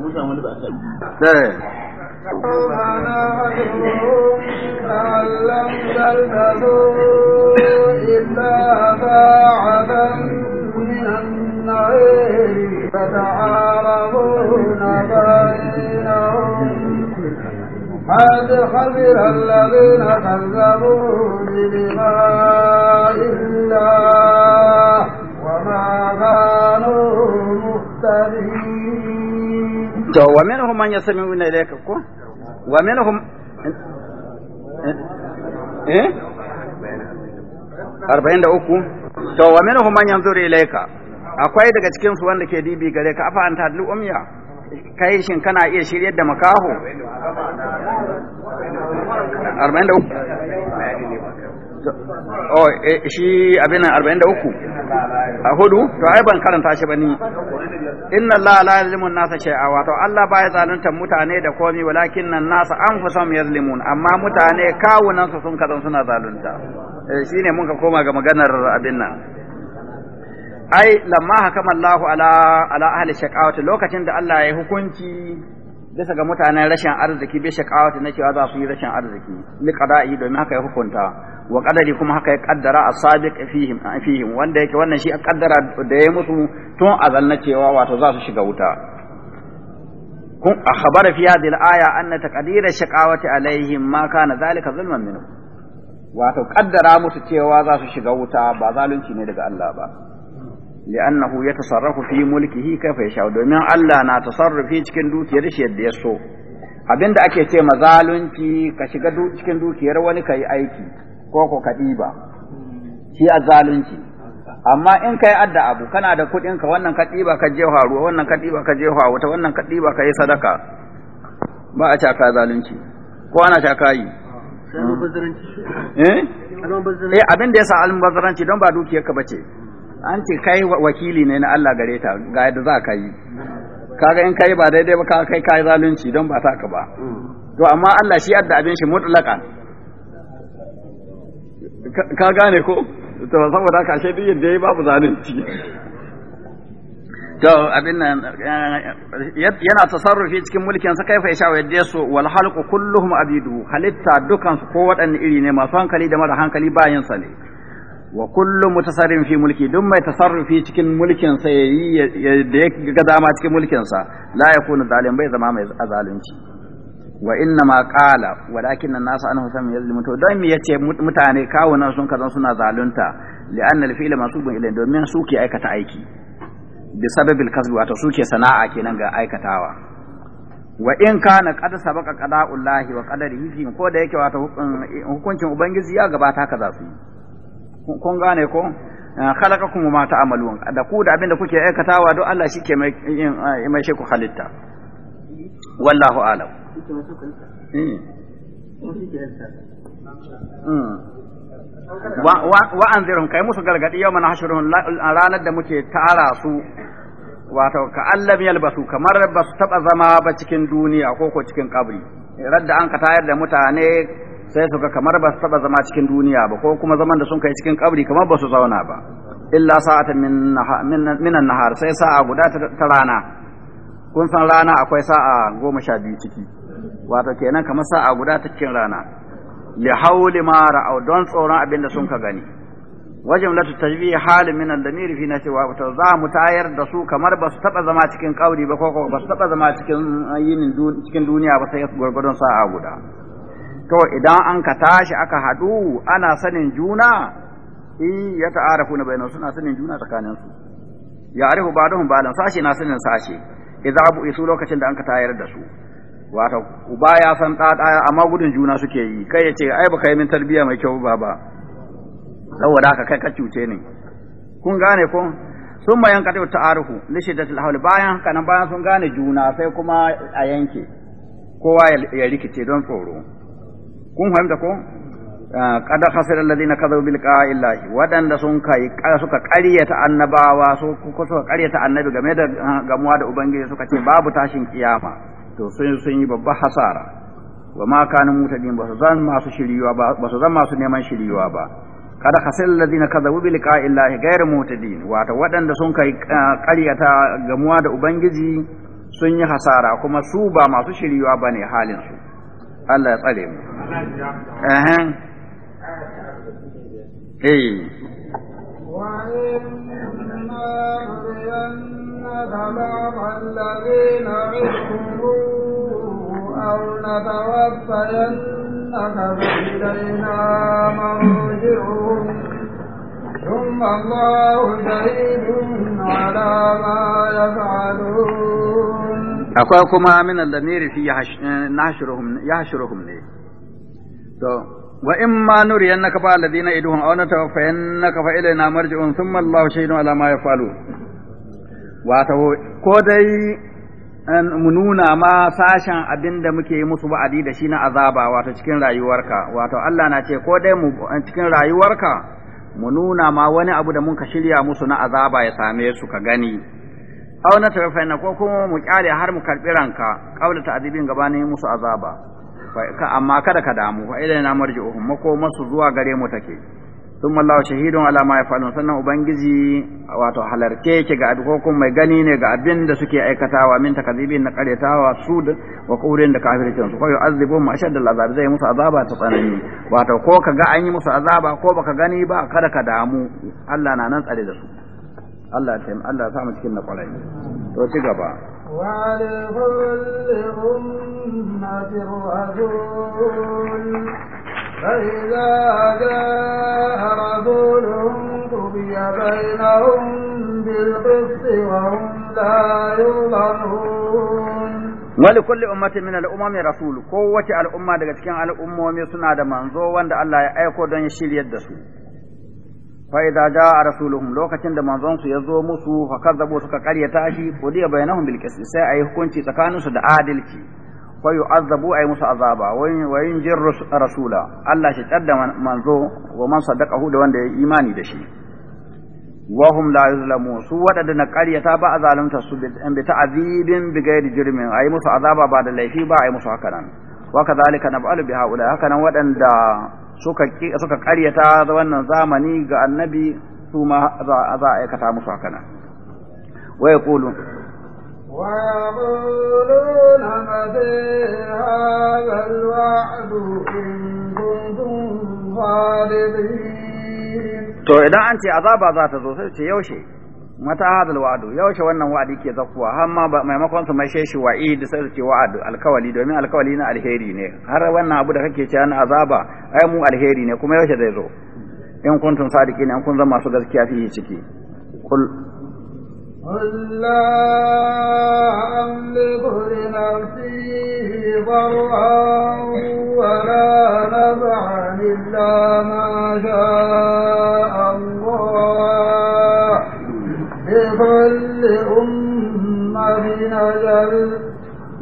Musa wani ba sai ربنا أن لم قد خبر الذين كذبوا بلقاء الله وما كانوا مهتدين ومنهم من يسمعون إليك ومنهم إيه؟ أربعين دقيقة to wa minhum man yanzuru ilayka akwai daga cikin su wanda ke dibi gare ka afa an dul umya kai shin kana iya shirye da makaho arba'in da uku oh eh, shi abinan arba'in da uku a hudu to ai ban karanta shi ba ni inna allaha la yuzlimu an-nasa shay'a wato allah baya zalunta mutane da komi walakin an-nasa anfusahum yuzlimun amma mutane kawunan su sun kazan suna zalunta eh, shine mun ka koma ga maganar abin nan ai lamma hakama Allah ala ala ahli shaqawati lokacin da Allah ya hukunci bisa ga mutanen rashin arziki bi shaqawati na cewa za su yi rashin arziki ni qada'i domin haka ya hukunta wa qadari kuma haka ya kaddara a asabiq fihim fihim wanda yake wannan shi a kaddara da ya musu tun azal na cewa wato za su shiga wuta kun akhbara fi hadhihi al-aya anna taqdira shaqawati alaihim ma kana zalika zulman minhu wato kaddara musu cewa za su shiga wuta ba zalunci ne daga Allah ba li'annahu yatasarrafu fi mulkihi kaifa yasha domin Allah na tasarrufi cikin dukiyar shi yadda ya so abinda ake ce mazalunci ka shiga cikin dukiyar wani ka yi aiki ko ko ka ɗiba shi azalunci amma in kai adda abu kana da kuɗin ka wannan ka ɗiba ka je ruwa wannan ka ɗiba ka je wata wannan ka ɗiba ka yi sadaka ba a caka zalunci ko ana caka yi eh? eh abin da yasa almubazzaranci don ba dukiyar ka bace an ce kai wakili ne na Allah gare ta ga yadda za ka yi kaga in kai ba daidai ba ka kai kai zalunci don ba ka ba to amma Allah shi yadda abin shi mutlaka ka gane ko to saboda ka ashe din yadda yayi babu zalunci to abin nan yana tasarrufi cikin mulkin sa kaifa ya shawo yadda su wal halqu kulluhum abidu halitta dukan su ko waɗanne iri ne masu hankali da mara hankali bayan sa ne wa kullu mutasarrin fi mulki duk mai tasarrufi cikin mulkin sa yayi da ya ga dama cikin mulkin sa la yakunu zalim bai zama mai zalunci wa inna ma qala walakin an nasu anhu sam yazlimu to dan me yace mutane kawunan sun kazan suna zalunta li'anna al fi'l masubun ilayhi domin su ke aikata aiki bi sababil kasbi wato su ke sana'a kenan ga aikatawa wa in kana qad sabaqa qada'ullahi wa qadarihi ko da yake wato um, hukuncin ubangiji ya gabata haka za su yi kun gane ko eh, khalaqakum ma ta'malun da ku da abinda kuke aikatawa don Allah ke mai eh, mai sheku ku halitta wallahu alam eh. hmm. wa anzirhum kai musu gargadi yau mana hashurun ranar da muke tara su wato ka allam yalbasu kamar ba su taba zama ba cikin duniya ko ko cikin kabri radda an ka tayar da mutane sai su ga kamar ba su taba zama cikin duniya ba ko kuma zaman da sun kai cikin kabri kamar ba su zauna ba illa sa'atan min min nahar sai sa'a guda ta rana kun san rana akwai sa'a goma sha biyu ciki wato kenan kamar sa'a guda ta cikin rana li hauli ma ra'aw don tsoron abin da sun ka gani wajen latu tajbi halin min al-damir fi nafsi wa ta za mu tayar da su kamar ba su taba zama cikin kauri ba ko ba su taba zama cikin yinin cikin duniya ba sai gurgurdon sa'a guda to idan an ka tashi aka haɗu ana sanin juna in ya ta'arafu na bayanan suna sanin juna tsakanin su ya arifu ba duhun ba sashe na sanin sashe idza abu isu lokacin da an ka tayar da su wato uba ya san ɗa amma gudun juna suke yi kai ya ce ai baka yi min tarbiyya mai kyau ba ba saboda haka kai ka cuce ne kun gane ko sun bayan kadu ta'arufu li da hawl bayan haka nan bayan sun gane juna sai kuma a yanke kowa ya rikice don tsoro kun fahimta ko ah, qad khasira alladhina kadhabu bil qa'illahi wadanda sun kai suka qaryata annabawa su suka qaryata annabi game da ah, gamuwa da ubangiji suka ce babu tashin kiyama to sun sun yi babba hasara wa ma kana mutadin ba su zan masu shiriyuwa ba ba su zan masu neman shiriyuwa ba kada khasira alladhina bil qa'il liqa'illahi ghayr mutadin wato waɗanda sun kai qaryata ah, gamuwa da ubangiji sun yi hasara kuma su ba masu shiriyuwa bane halin su Allah ya tsare mu eh eh الذين عشقوا أو نتوفينك فإلينا مرجعهم ثم الله شهيد على ما يفعلون akwai kuma min al-damiri fi yahshuruhum eh, yahshuruhum ne to wa in ma nuri annaka fa alladhina iduhum aw natawaffayannaka fa ilayna marji'un thumma Allahu shahidun ala ma yafalu wa ta ko dai an mununa ma sashen abinda muke yi musu ba'adi da shi na azaba wato cikin rayuwarka wato Allah na ce ko dai mu eh, cikin rayuwarka mununa ma wani abu da mun ka shirya musu na azaba ya same su ka gani aw na tarfaina ko kuma mu kyale har mu karbi ranka qabla ta'dibin gabanin musu azaba fa amma kada ka damu fa ila na marji'uhum mako masu zuwa gare mu take thumma allah shahidun ala ma yaf'alun sannan ubangiji wato halarke ki ga ko kuma mai gani ne ga abinda suke aikatawa min takadibin na karyatawa su da wa kurin da kafirin su ko yu'azzibu ma ashadda al'azab zai musu azaba ta tsanani wato ko kaga an yi musu azaba ko baka gani ba kada ka damu Allah na nan tsare da su Allah ta Allah sa mu cikin na kwarai to ci gaba wa li ummati rasul فإذا جاء رسولهم قضي بينهم بالقسط وهم لا يظلمون wali kulli ummatin min al'umami rasul kowace al'umma daga cikin al'ummomi suna da manzo wanda Allah ya aiko don ya shirya da su faizajawa a rasuluhu lokacin da manzonsu ya zo musu a kazzabu su ka karyata shi ko da bayanawa bilkisu sai ayi hukunci su da adilci ko yanzu da ayi musu azaba wajen jin rasula allah shi cadda manzo wa masu sadaka hudu wanda ya yi imani da shi. guamahumma da ayyuzlamu su wadanda na karyata ba zalunta su binta a zibin bigai da jirgin ayi musu azaba ba da laifi ba ayi musu hakanan wa kazali kana bu alubisa hulaya hakanan wadanda. suka suka ta wannan zamani ga annabi su ma za a aikata musu haka nan wa yaqulu wa yaquluna madha al-wa'du in kuntum to idan an ce azaba za ta zo sai ce yaushe mata hadal wa'adu yaushe wannan wa'adi ke zakkuwa amma maimakon su mai shi wa'idi sai su ce wa'adu alkawali domin alkawali na alheri ne har wannan abu da kake cewa na azaba ai mu alheri ne kuma yaushe zai zo in kuntum sadiqin in kun zama masu gaskiya fiye ciki kul قل لا أملك لنفسي ضرعا ولا نفعا إلا ما شاء الله لكل أمة أجل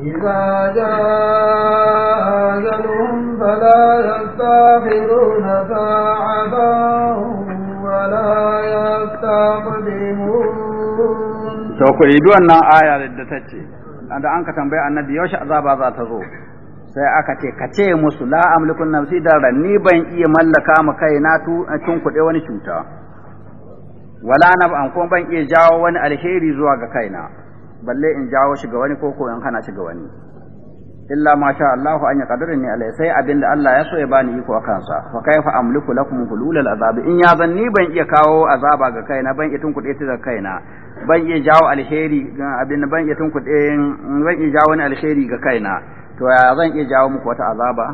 إذا جاء أجلهم فلا يستأخرون ساعة ولا يستقدمون to ku ribi wannan aya da ta ce da an ka tambayi annabi yaushe azaba za ta zo sai aka ce ka ce musu la amlikun nafsi da ni ban iya mallaka ma kaina tun kuɗe wani cuta wala na an kuma ban iya jawo wani alheri zuwa ga kaina balle in jawo shi ga wani ko ko in hana shi ga wani illa ma sha Allah an ya kadara ni alai sai abinda Allah ya so ya bani iko kansa fa kaifa amliku lakum hululal azab in ya zan ni ban iya kawo azaba ga kaina ban iya tunkuɗe ta ga kaina ban iya jawo alheri abin ban iya tunkuɗe ban iya jawo wani alheri ga kaina to ya zan iya jawo muku wata azaba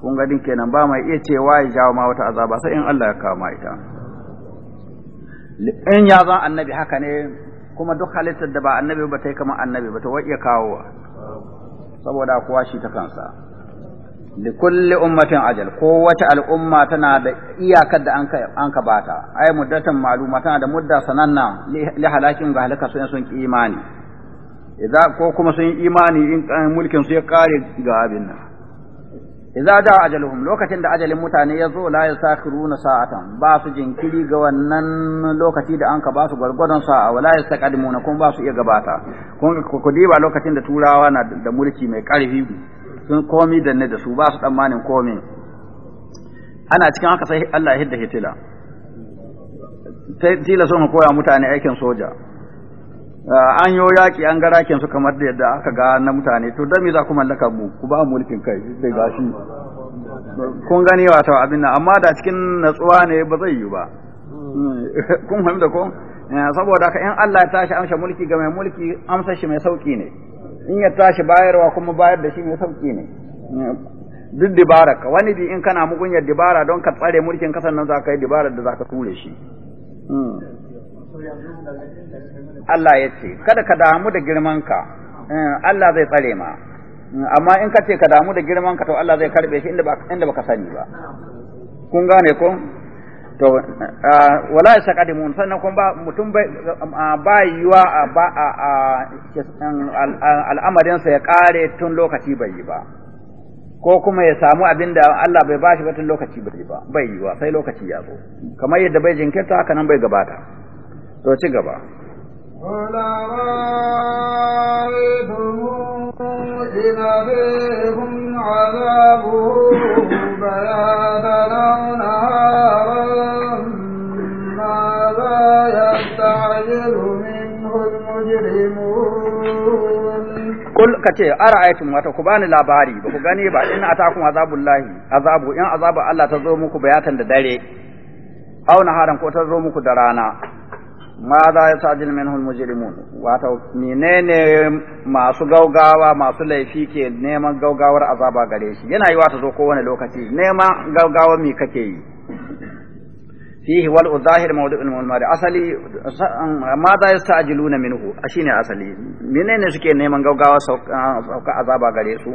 kun ga din kenan ba mai iya cewa ya jawo ma wata azaba sai in Allah ya kama ita in ya zan annabi haka ne kuma duk halittar da ba annabi ba ta yi kamar annabi ba ta wai kawo kawowa saboda kuwa shi ta kansa da kulli ummatin ajal ko kowace al'umma tana da iyakar da an ka bata ai muddatan maluma tana da mudda sananna li halakin ga halaka sun sun imani idan ko kuma sun imani in mulkin su ya kare ga abin nan Iza da ajaluhum lokacin da ajalin mutane ya zo la yasakhiruna sa'atan ba su jinkiri ga wannan lokaci da anka ba su gwargwadon sa'a wa la yastaqdimuna kuma ba su iya gabata kun ku diba lokacin da turawa na da mulki mai karfi sun komi da ne da su ba su tsammanin komi ana cikin haka sai Allah ya hidda hitila sai ka koya mutane aikin soja Ah, an yo yaki an garaken su kamar da yadda aka ga na mutane to dan me za ku mallaka mu ku ba mulkin kai sai gashi kun gani wa abin nan amma da cikin natsuwa ne ba zai yi ba [laughs] kun fahimta ko eh, saboda ka in Allah ya tashi amsa mulki ga mai mulki amsa shi mai sauki ne in ya tashi bayarwa kuma bayar da shi mai sauki ne eh, duk dibara ka wani bi in kana mugunyar dibara don ka tsare mulkin kasan nan za ka yi dibara da za ka ture shi hmm. Allah ya ce kada ka damu da girmanka eh, Allah zai tsare ma amma in ka ce ka damu da girmanka to Allah zai karbe shi inda ba ka sani ba kun gane ko to eh, wala ya saka mun sannan kun ba mutum eh, ba yiwa al'amarinsa ya kare tun lokaci bai yi ba ko kuma ya samu abin da Allah bai bashi ba tun lokaci bai ba bai yi wa sai lokaci ya zo kamar yadda bai jinkirta haka nan bai gabata to ci gaba kul ka ce ara aitin wata ku bani labari ba ku gane ba in atakum azabullahi azabu in azabu Allah ta zo muku bayatan da dare auna naharan ko ta zo muku da rana ma za ya sajil min wata wato ne masu gaugawa masu laifi ke neman gaugawar azaba gare shi yana yi wata zo kowane lokaci neman gaugawa mi kake yi fihi wal zahir mawdu'ul mulmari asali ma za yastajiluna shi ne asali ne su ke neman gaugawa sauka azaba gare su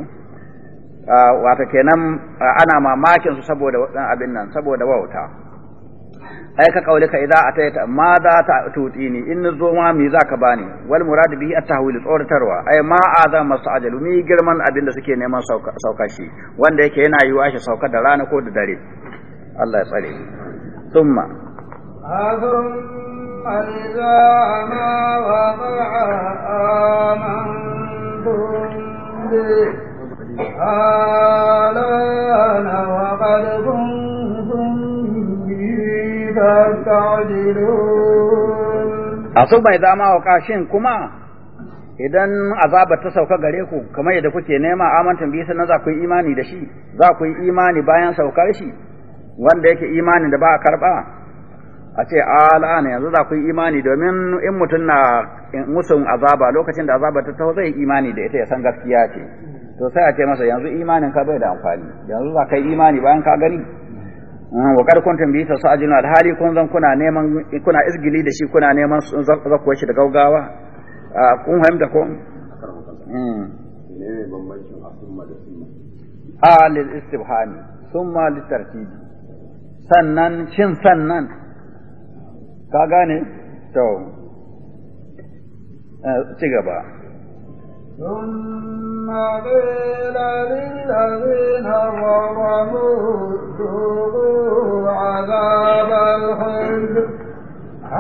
wata kenan ana mamakin su saboda abin nan saboda wauta ai ka kaulika idza ataita ma za ta ni. in zo ma me za ka bani wal murad bihi at tahwil tsoratarwa ai ma masu ajalu mi girman abinda suke neman sauka shi wanda yake yana yiwa shi sauka da rana ko da dare Allah ya tsare thumma ma wa ma'a bi a su bai zama wa kashin kuma idan azaba ta sauka gare ku kamar yadda kuke nema amantan bisa na za ku yi imani da shi za ku yi imani bayan saukar shi wanda yake imani da ba a karba a ce al'ana yanzu za ku yi imani domin in mutum na musun azaba lokacin da azaba ta taho zai imani da ita ya san gaskiya ce to sai a ce masa yanzu imanin ka bai da amfani yanzu za ka yi imani bayan ka gani Mm, wa kar kuntum bi ta sa'ajin alhali kun zan kuna neman kuna izgili da shi kuna neman zakko shi da gaugawa ah, kun fahimta ko da mm. a ah, lil istibhami summa tartibi sannan shin sannan ka gane to eh,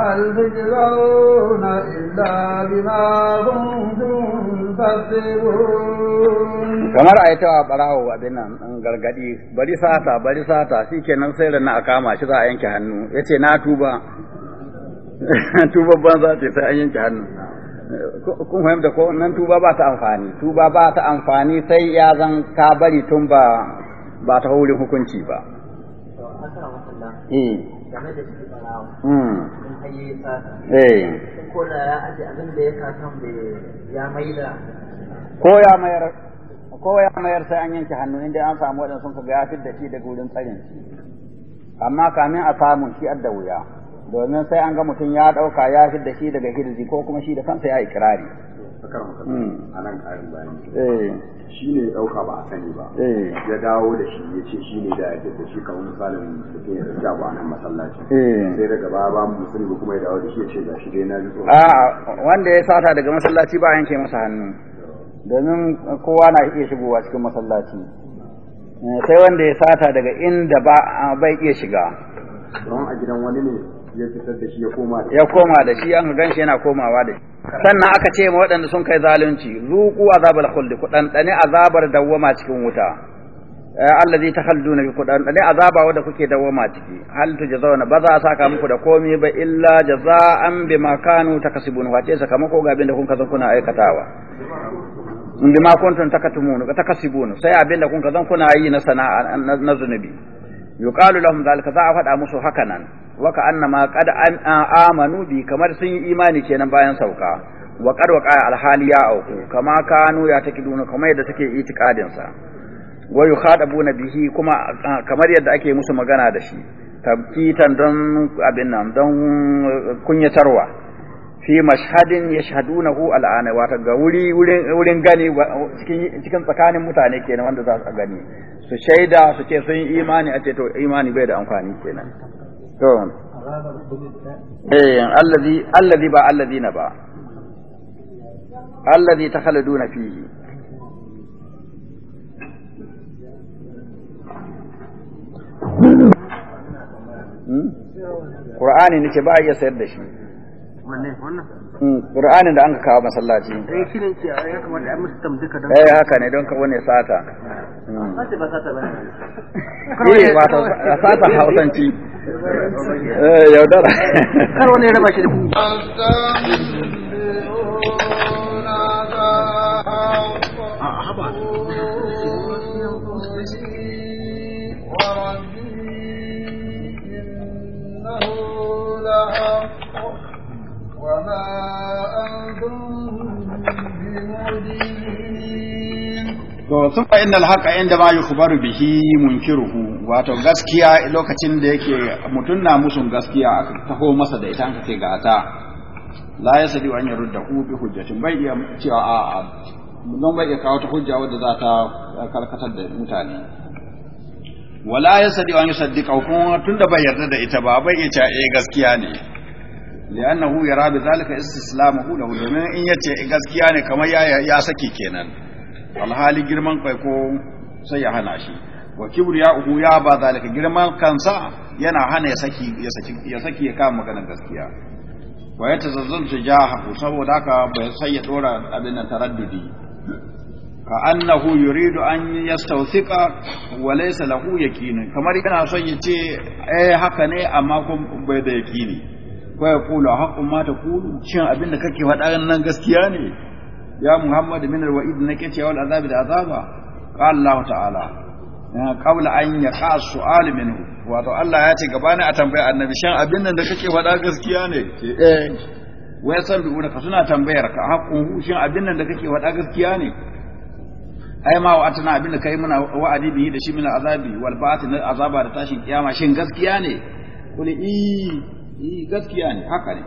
هل تجزون إلا بما كنتم تكسبون kamar a yi ta barawo abin nan gargadi bari sata bari sata shi kenan sai na a kama shi za a yanke hannu ya ce na tuba [laughs] tuba ban za ce sai an yanke hannu kun fahimta ko nan tuba ba ta amfani tuba ba ta amfani sai ya zan ka bari tun ba ba ta hukunci ba eh. game da shi barawo hmm. ko ya mayar sai an yanke hannu inda an samu waɗansu ka ga da shi daga wurin tsarin amma kamin a samu shi adda wuya domin sai an ga mutum ya ɗauka ya da shi daga hirji ko kuma shi da kansa ya ikirari Hmm. a nan karin bayani eh. shi ne ɗauka ba a sani ba eh. ya dawo da shi ya ce shi ne da ya da shi kamar misalin da ke da jago a nan masallaci eh. sai daga baya ba mu sani ba kuma ya dawo da shi ya ce ga shi dai na jiso a ah, wanda ya sata daga masallaci ba yanke masa hannu domin kowa na iya shigowa cikin masallaci sai wanda ya sata daga inda ba bai iya shiga don a gidan wani ne ya fitar da shi ya koma da ya koma da shi an gan shi yana komawa da shi sannan aka ce ma waɗanda sun kai zalunci zuku azabal khuld ku dane azabar dawwama cikin wuta eh, allazi takhalduna bi kudan dane azaba wanda kuke dawwama ciki hal tujzauna ba za a saka muku da komai ba illa jazaan bima kanu takasibun wace sakamako ga abinda kun kazan kuna aikatawa ma kuntum takatumun takasibun sai abinda kun kazan kuna yi na sana'a na zunubi yuqalu lahum zalika za a faɗa musu hakanan waka annama qad amanu bi kamar sun yi imani kenan bayan sauka wa qad waqa alhali ya auku kama kanu ya duna kamar yadda suke itikadin sa wa yukhadabuna bihi kuma kamar yadda ake musu magana da shi tabkitan don abin nan don kunyatarwa fi mashhadin yashhadunahu al'ana wata ga wuri wurin gani cikin tsakanin mutane kenan wanda za su gani su shaida su ce sun yi imani a ce to imani bai da amfani kenan to eh allazi allazi ba allazina ta allazi takhaluduna fihi hmm? Qur'ani nake ba a iya sayar da shi. Hmm, Qur'anin da an ka kawo masallaci. Eh, ce ya kamata a musu don. Eh haka ne don sata. Sata ba sata ba. ba sata Hausanci. Eh, yaudara kar wani raba shi da ku وما ah, أنتم sun fa innal haqa inda ma yukhbaru bihi munkiruhu wato gaskiya lokacin da yake mutun na musun gaskiya aka taho masa da ita an kace ga ta la yasdi an yarudda hu bi hujjatin bai iya cewa a a mun bai iya kawo ta hujja wadda za ta karkatar da mutane wala yasdi an yusaddiqa kuma tunda bai yarda da ita ba bai iya cewa eh gaskiya ne li'annahu yara bi zalika istislamuhu lahu domin in yace eh, gaskiya ne kamar ya ya saki kenan alhali girman kai ko sai ya hana shi wa kibriya uhu ya ba zalika girman kansa yana hana ya saki ya saki ya saki ya kama magana gaskiya wa ya tazazzal tijahu saboda haka bai sai ya dora abin taraddudi ka annahu yuridu an yastawthika wa laysa lahu yaqin kamar yana son ya ce eh haka ne amma kun bai da yaqini ko ya kula haqqu ma ta kulu cin abin da kake faɗa nan gaskiya ne ya muhammad min alwa'id nake cewa al'azab da azaba qala allah ta'ala qabla an yaqa su'al minhu wato allah ya ce gabani a tambaya annabi shan abin nan da kake faɗa gaskiya ne eh wai salluna ka suna tambayar ka haƙƙun shin abin nan da kake faɗa gaskiya ne ai ma wa'atana abin da kai muna wa'adi bihi da shi min azabi wal ba'ati na azaba da tashin kiyama shin gaskiya ne kuli i gaskiya ne haka ne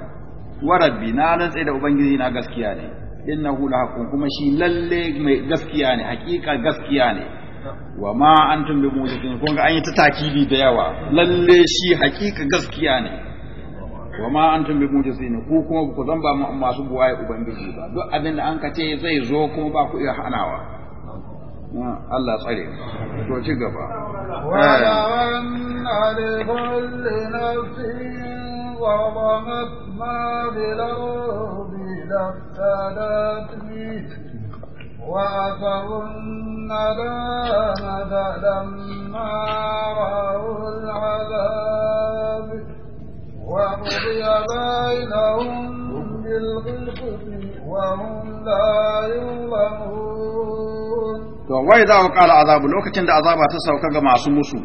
wa rabbi na nan tsaye da ubangiji na gaskiya ne innahu lahaqqun kuma shi lalle mai gaskiya ne hakika gaskiya ne wa ma antum bi mujizin kun ga an yi ta takibi da yawa lalle shi hakika gaskiya ne wa ma antum bi mujizin ku kuma ku zan ba masu buwaye ubangiji ba duk abin da an ka ce zai zo kuma ba ku iya hanawa Allah tsare to ci gaba wa eh. ما في الأرض لفتدت به وأثروا الندامة لما رأوا العذاب وقضي بينهم بالقسط وهم لا يظلمون. To wai za ku ƙara azabu lokacin da azaba ta sauka ga masu musu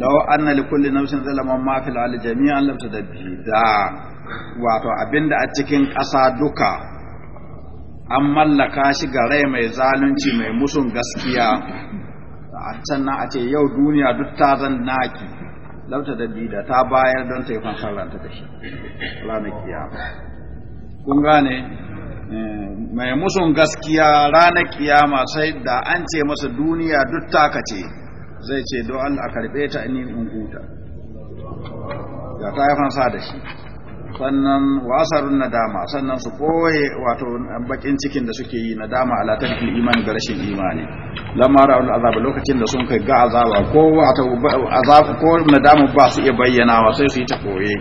law anna li kulli nafsin zalaman ma fil al jami'an lam tadabbi da wato abinda a cikin ƙasa duka an mallaka shi ga rai mai zalunci mai musun gaskiya na a ce yau duniya duk ta zan naki lauta da da ta bayar don ta yi fansar ranta da shi ranar kiyama kun gane mai musun gaskiya ranar kiyama sai da an ce masa duniya duk ta kace zai ce don Allah karɓe ta ni in huta ga ta sa da shi sannan wasarun nadama sannan su koye wato bakin cikin da suke yi nadama ala tarkil imani da rashin imani lamma ra'ul azab lokacin da sun kai ga azaba ko wato azab ko nadama ba su iya bayyana sai su yi ta koye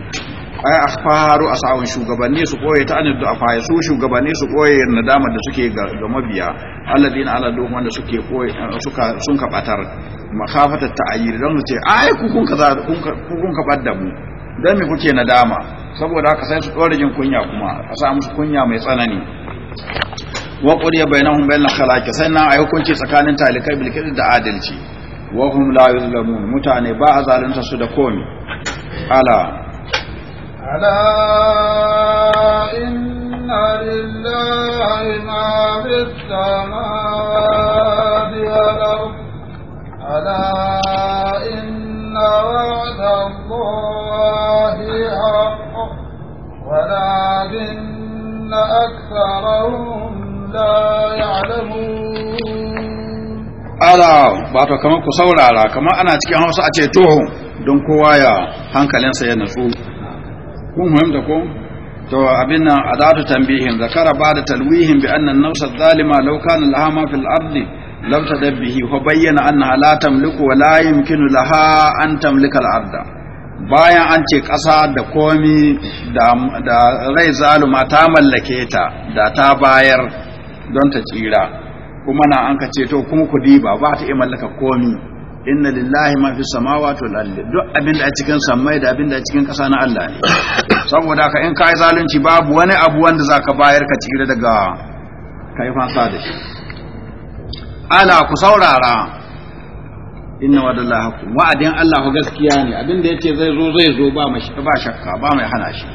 ai a a asawun shugabanni su koye ta da afaya su shugabanni su koye nadama da suke ga mabiya alladina aladun wanda suke koye suka sun batar makafata ta'ayir don ce ai ku kun kaza kun kabar da mu dan me kuke nadama saboda haka sai su dore jin kunya kuma a sa musu kunya mai tsanani wa ya bainahum bainal khalaqi sanna ai hukunci tsakanin talikai bilkis da adalci wa hum la yuzlamun mutane ba azalinta su da komi ala Ala'im a Yuliya na fita mahaifiyar ala'im na bada kowa ya harbo wadadin da aka gahun da ba ta kama ku saurara kamar ana cikin Hausa a ce tuho don kowa ya hankalinsa ya natsu kun fahimta ko to abin nan adatu tambihin zakara ba da talwihin bi annan nausar zalima law kana laha ma fil ardi lam tadabbihi fa bayyana annaha la tamliku wa la yumkinu laha an tamlika al arda bayan an ce ƙasa da komi da rai zaluma ta mallake ta da ta bayar don ta tsira kuma na an ka ce to kuma kudi ba, ba ta iya mallaka komi inna lillahi ma fi samawati wal ardi duk abin da a cikin samai da abin da a cikin ƙasa na Allah ne [coughs] saboda haka in kai zalunci babu wani abu wanda zaka bayar ka tsira daga kai fasa da shi ala ku saurara inna wa'dallahi ku. wa'adin Allah ku gaskiya ne abin da yace zai zo zai zo ba mashi ba shakka ba mai hana shi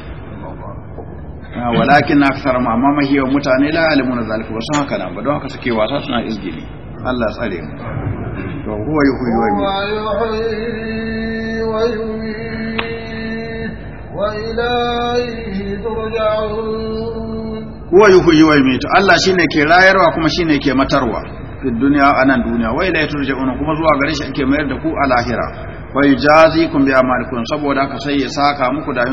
ah, walakin aksar ma amma mahiyar mutane la alimuna zalika wasu haka nan ba don haka suke wasa suna izgili Allah tsare mu to wa yuhyi wa yumiit Allah shine ke rayarwa kuma shine ke matarwa fi duniya anan duniya wa ilayhi turja'un kuma zuwa gare shi ake mayar da ku a lahira wa yujazikum bi amalikum saboda haka sai ya saka muku da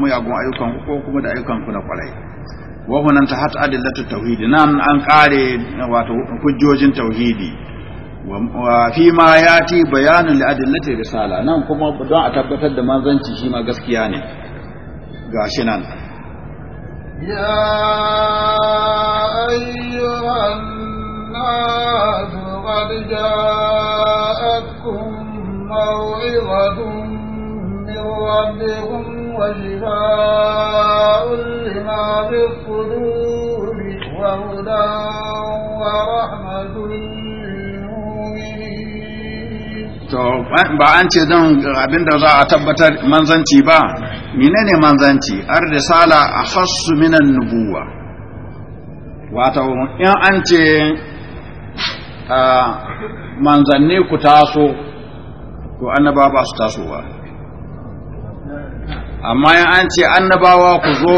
muyagun ayyukan ku ko kuma da ayyukan ku na kwarai wa hunan tahat adillatu Tauhidi nan an kare wato hujjojin tauhidi wa fi ma bayanin bayanun li adillati risala nan kuma don a tabbatar da manzanci shi ma gaskiya ne shi nan ya ayyuhan nas qad ja'akum maw'izatun min rabbikum wa shifaa'un lima fi wa hudan to ba an ce don abinda za a tabbatar manzanci ba menene manzanci ar risala a hassu minan nubuwa wato in an ce manzanni ku taso to annabawa ba su tasowa amma in an ce annabawa ku zo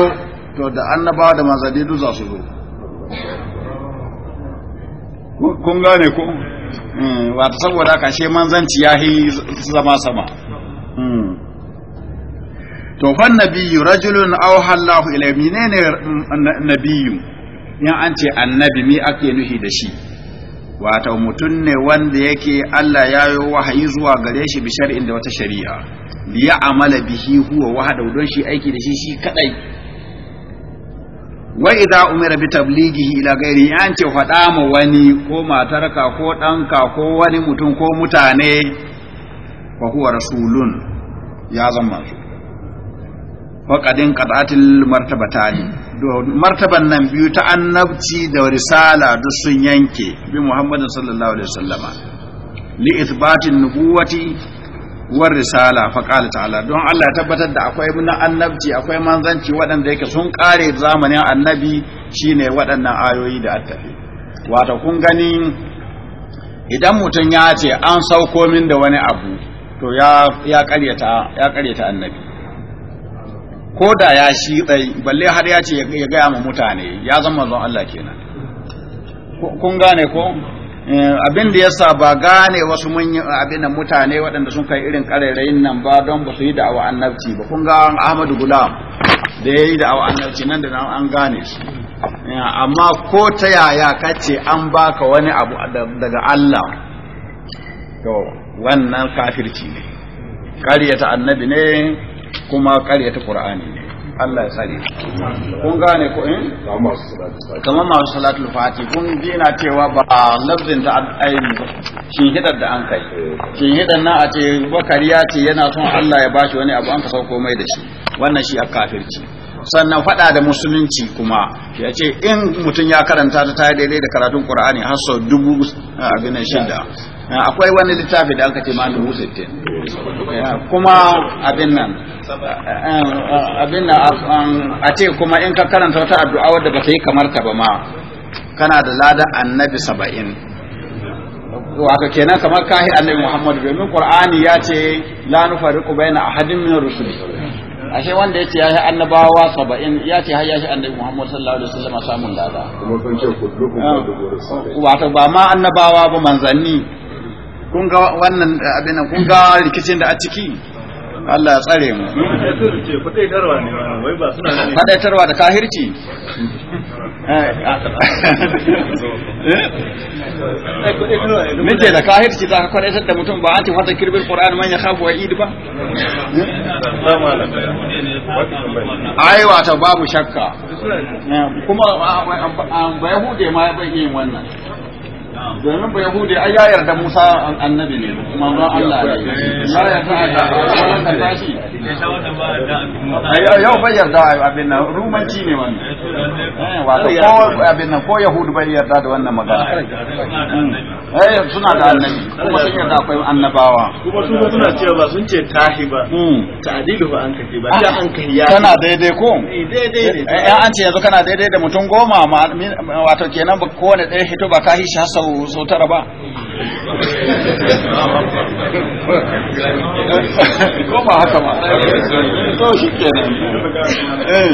to da annabawa da manzanni duk za su zo kun gane ko Hmm, wata saboda kashe manzanci ya yi zama sama hmm. to fan nabiyu rajulun aw hallahu ilay menene nabiyu in an ce annabi mi ake nuhi da shi wata mutum ne wanda yake Allah ya yi wahayi zuwa gare shi bi shar'in da wata shari'a Biya amala bihi huwa wahdahu don shi aiki da shi shi kadai wa idza umira bi tablighihi ila ghairi an ce faɗa ma wani ko matarka ko ɗanka ko wani mutum ko mutane fa huwa rasulun ya zama shi fa qadin qadatil martabatani martaban nan biyu ta annabci da risala duk sun yanke bi muhammadin sallallahu alaihi wasallama li ithbatin nubuwati war risala fa qala ta'ala don Allah ya tabbatar da akwai mun annabci akwai manzanci waɗanda yake sun kare zamanin annabi shine waɗannan ayoyi da attafi wato kun gani idan mutum ya ce an sauko min da wani abu to ya ya ƙaryata ya ƙaryata annabi ko da ya shi tsai balle har ya ce ya gaya ma mutane ya zama zon Allah kenan kun gane ko Eh, abin da yasa ba gane wasu mun abin mutane waɗanda sun kai irin ƙarairayin nan ba don ba su yi da'awa annabci ba kun ga Ahmadu Gulam da ya yi da'awa annabci nan da nan an gane su eh, amma ko ta yaya kace an baka wani abu daga Allah to wannan kafirci ne ƙaryata annabi ne kuma ƙaryata Qur'ani ne Allah ya sani kun gane ko in eh? kamar masu salatu fati kun dina cewa ba lafzin ta ayin shin hidar da an kai shin hidar na a ce bakari ya ce yana son Allah ya bashi wani abu an ka sauko mai da shi wannan shi a kafirci sannan faɗa da musulunci kuma ya ce in mutum ya karanta ta daidai da karatun qur'ani har sau dubu abin shida akwai wani littafi da aka ce ma dubu sittin kuma abin nan abin a ce kuma in ka karanta wata addu'a wadda ba ta yi kamar ta ba ma kana da lada annabi saba'in waka kenan kamar kahi annabi muhammadu domin qur'ani ya ce la nufariqu baina ahadin min rusuli ashe wanda ya ce ya annabawa saba'in ya ce har shi annabi Muhammadu sallallahu alaihi wasallam samun lada. Kuma kun ce kullukum ba ma annabawa ba manzanni kun ga wannan abin kun ga rikicin da a ciki Allah ya tsare mu faɗaitarwa da kahirci eh, Nace da kahirci za ka kwadaitar da mutum ba an tafi wata kirbin Qur'an manya kafuwa id ba. ba? Ai wata babu shakka. Eh, kuma ba Yahude ma ya yin wannan. domin ba yahudi ai ya yarda musa annabi ne manzon allah ne ya yarda ta kan tashi yau bai yarda abin nan rumanci ne wannan wato ko abin nan ko yahudu bai yarda da wannan magana hmm. eh suna da annabi kuma sun yarda akwai annabawa kuma su suna cewa ba sun ce tahi ba hmm. ta'dilu ba an kace ba ah, da an kai ya kana daidai ko eh, daidai ne eh, an ce yanzu kana daidai da mutum goma wato kenan ba kowane ɗaya hito ba ka shi hasau so tara ba ko ba haka ba to shi kenan eh.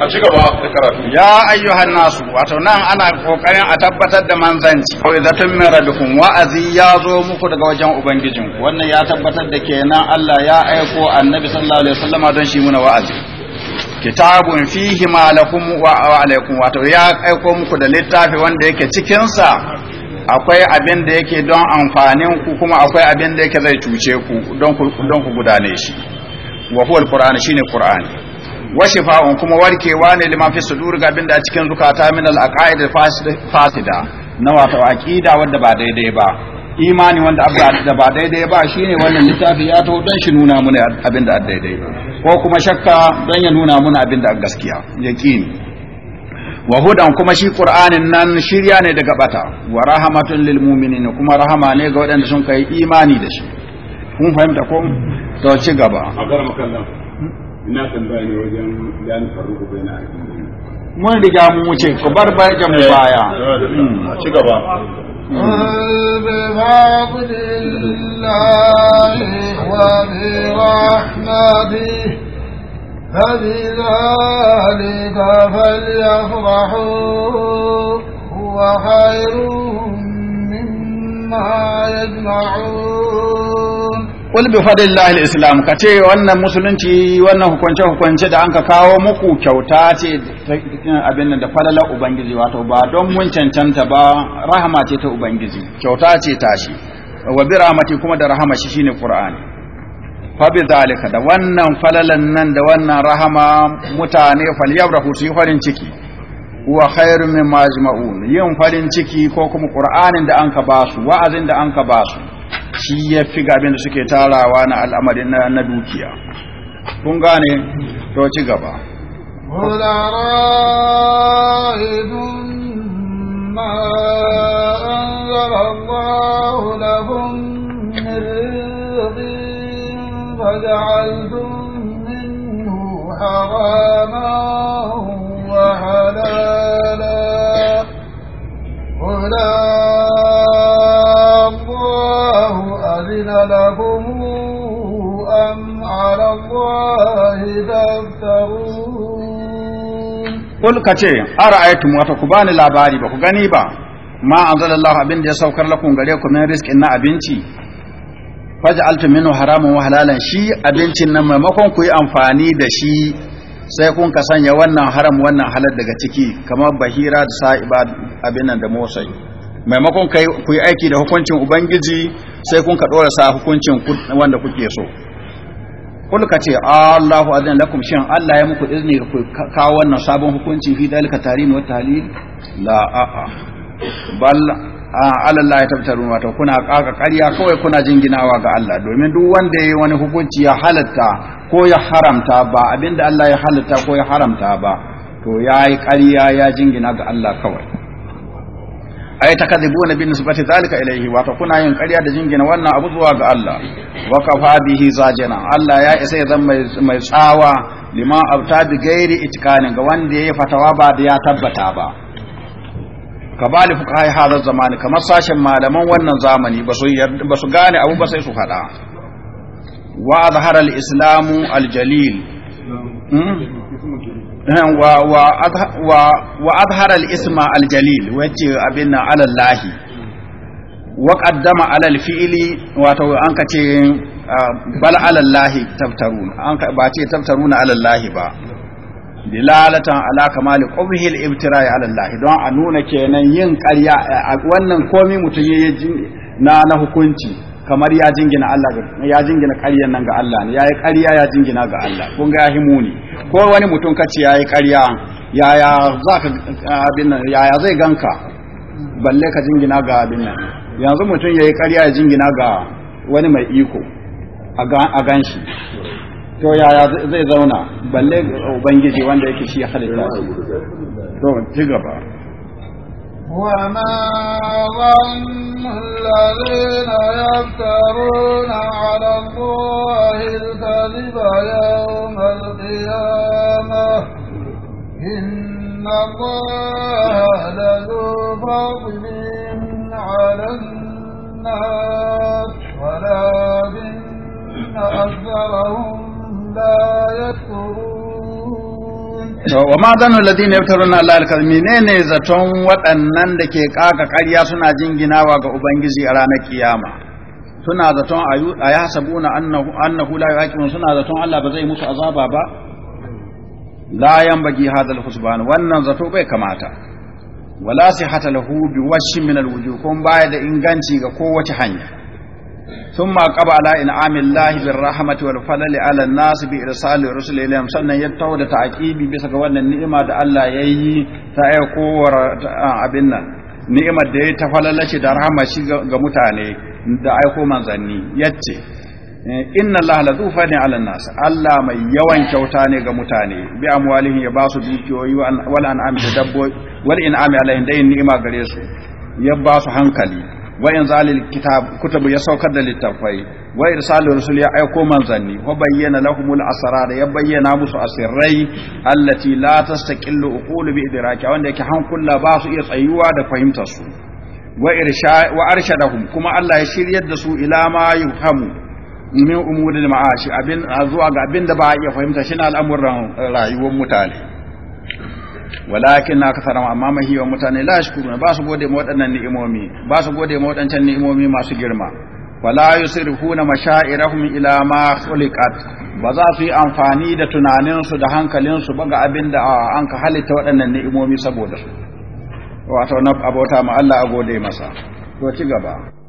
a ci gaba da karatu ya ayyuhan nasu wato nan ana kokarin a tabbatar da manzanci ko izatun min rabbikum wa'azi ya zo muku daga wajen ubangijin wannan ya tabbatar da kenan Allah ya aiko annabi sallallahu alaihi wasallama don shi muna wa'azi kitabun fihi ma lakum wa alaikum wato ya aiko muku da littafi wanda yake cikin sa akwai abin da yake don amfanin ku kuma akwai abin da yake zai cuce ku don ku don ku gudane shi wa huwa alquran shine qur'an wa shifa'un kuma warkewa ne lima fi sudur ga abin da cikin zukata min alaqaid fasida na wato aqida wanda ba daidai ba imani wanda abba da ba daidai ba shine wannan littafi ya taho don shi nuna muna abin da daidai ko kuma shakka don ya nuna muna abin da gaskiya yaqini wa hudan kuma shi qur'anin nan shirya ne daga bata wa rahmatun lil mu'minin kuma rahama ne ga waɗanda sun kai imani da shi kun fahimta ko to ci gaba ina tambaya ne wajen lan faruku bayna mun riga mu wuce ku bar bayan baya ci gaba قل بفضل الله وبرحمته فبذلك فليفرحوا هو خير عما يجمعون islam. بفضل islam الإسلام كتي musulunci wannan hukunce hukunce da anka kawo muku kyauta ce abin da falala ubangiji wato ba don mun cancanta ba rahama ce ta ubangiji kyauta ce tashi wa bi rahmati kuma da rahama shi shine qur'ani fa bi zalika da wannan falalan nan da wannan rahama mutane falyabrahu su yi farin ciki wa khairu min majma'un yin farin ciki ko kuma qur'anin da anka basu wa'azin da anka basu shi yafi ga abin da suke tarawa na al'amarin na, na dukiya kun gane to ci gaba ما الله ku bani labari ba ku gani ba, با ما abinda ya أبن دي سوكر لكم غريكم من رزق إنا أبنتي faj'altu minhu haramun wa halalan shi abincin nan maimakon ku yi amfani da shi sai kun ka sanya wannan haram wannan halal daga ciki kamar bahira da sa'iba abin nan da motsai maimakon ku yi aiki da hukuncin ubangiji sai kun ka dora sa hukuncin wanda kuke so kullu ka ce Allahu azan lakum shin Allah ya muku izini ku kawo wannan sabon hukunci fi dalika tarin wa tahlil la a a bal ala Allah ya tabtaru wato kuna kaka ƙarya kawai kuna jinginawa ga Allah domin duk wanda yayi wani hukunci ya halatta ko ya haramta ba abinda Allah ya halatta ko ya haramta ba to yayi ƙarya ya jingina ga Allah kawai ay takadhibuna bi nisbati zalika ilayhi wato kuna yin karya da jingina wannan abu zuwa ga Allah wa kafa bihi zajina Allah ya isa ya zama mai tsawa lima abta bi gairi itikanin ga wanda yayi fatawa ba da ya tabbata ba kabali fuqaha hada zamani kamar sashen malaman wannan zamani ba su gane abu ba sai su faɗa, wa zahara al-islamu al-jalil hmm? wa azhara al-isma al-jalil wace abin alal lahi wa qaddama alal fi'li wato an ka ce bal alal lahi tabtaruna an ka ba ce tabtaruna alal lahi ba dilalatan ala kamali qubhi al-ibtira'i ala don a nuna kenan yin ƙarya wannan komai mutum yayi na na hukunci kamar ya jingina Allah ga ya jingina ƙaryan nan ga Allah ne yayi ƙarya ya jingina ga Allah kun ga himu ne ko wani mutum kace yayi ƙarya yaya zaka abin nan yaya zai ganka balle ka jingina ga abin nan yanzu mutum yayi ƙarya ya jingina ga wani mai iko a ganshi to yaya zai zauna balle ubangiji wanda yake shi ya halitta to ci gaba وما ظن الذين يفترون على الله الكذب يوم القيامة إن الله لذو فضل على الناس ولكن أكثرهم لا يشكرون wa ma zanu alladhina yaftaruna Allah al ne menene zaton waɗannan da ke kaka ƙarya suna jinginawa ga ubangiji a ranar kiyama suna zaton a ya sabuna annahu annahu la suna zaton Allah ba zai musu azaba ba la yanbaghi hadal husban wannan zato bai kamata wala sihata lahu bi min al kun baya da inganci ga kowace hanya ثم قبل على انعام الله بالرحمه والفضل على الناس بارسال الرسل اليهم sannan ya tawo da ta'aqibi bisa ga wannan ni'ima da Allah yayi ta aikowar abin nan ni'imar da yayi ta falalace da rahama ga mutane da aiko manzanni yace inna allaha la zufani ala nas Allah mai yawan kyauta ne ga mutane bi amwalihi ya basu dukiyoyi wal an'ami da dabbobi wal in'ami alaihim da ni'ima gare ya basu hankali wa inzalil kitab kutubu ya saukar da littafai wa irsalur rusul ya aiko manzanni Ko bayyana lahumul asrar ya bayyana musu asirrai allati la tastaqillu uqulu bi idraki wanda yake hankula ba su iya tsayuwa da fahimtar su wa irsha wa arshadahum kuma Allah ya shiryar da su ila ma yuhamu min umuril ma'ashi abin zuwa ga abin da ba a iya fahimta shi na al'amuran rayuwar mutane walakin na ka sarama amma mahi mutane la shukuru ba su gode ma waɗannan ni'imomi ba su gode ma waɗancan ni'imomi masu girma wala yusrifuna mashairahum ila ma khuliqat ba za su yi amfani da tunaninsu da hankalinsu ba ga abin da an ka halitta waɗannan ni'imomi saboda su wato na abota ma Allah a gode masa to ci gaba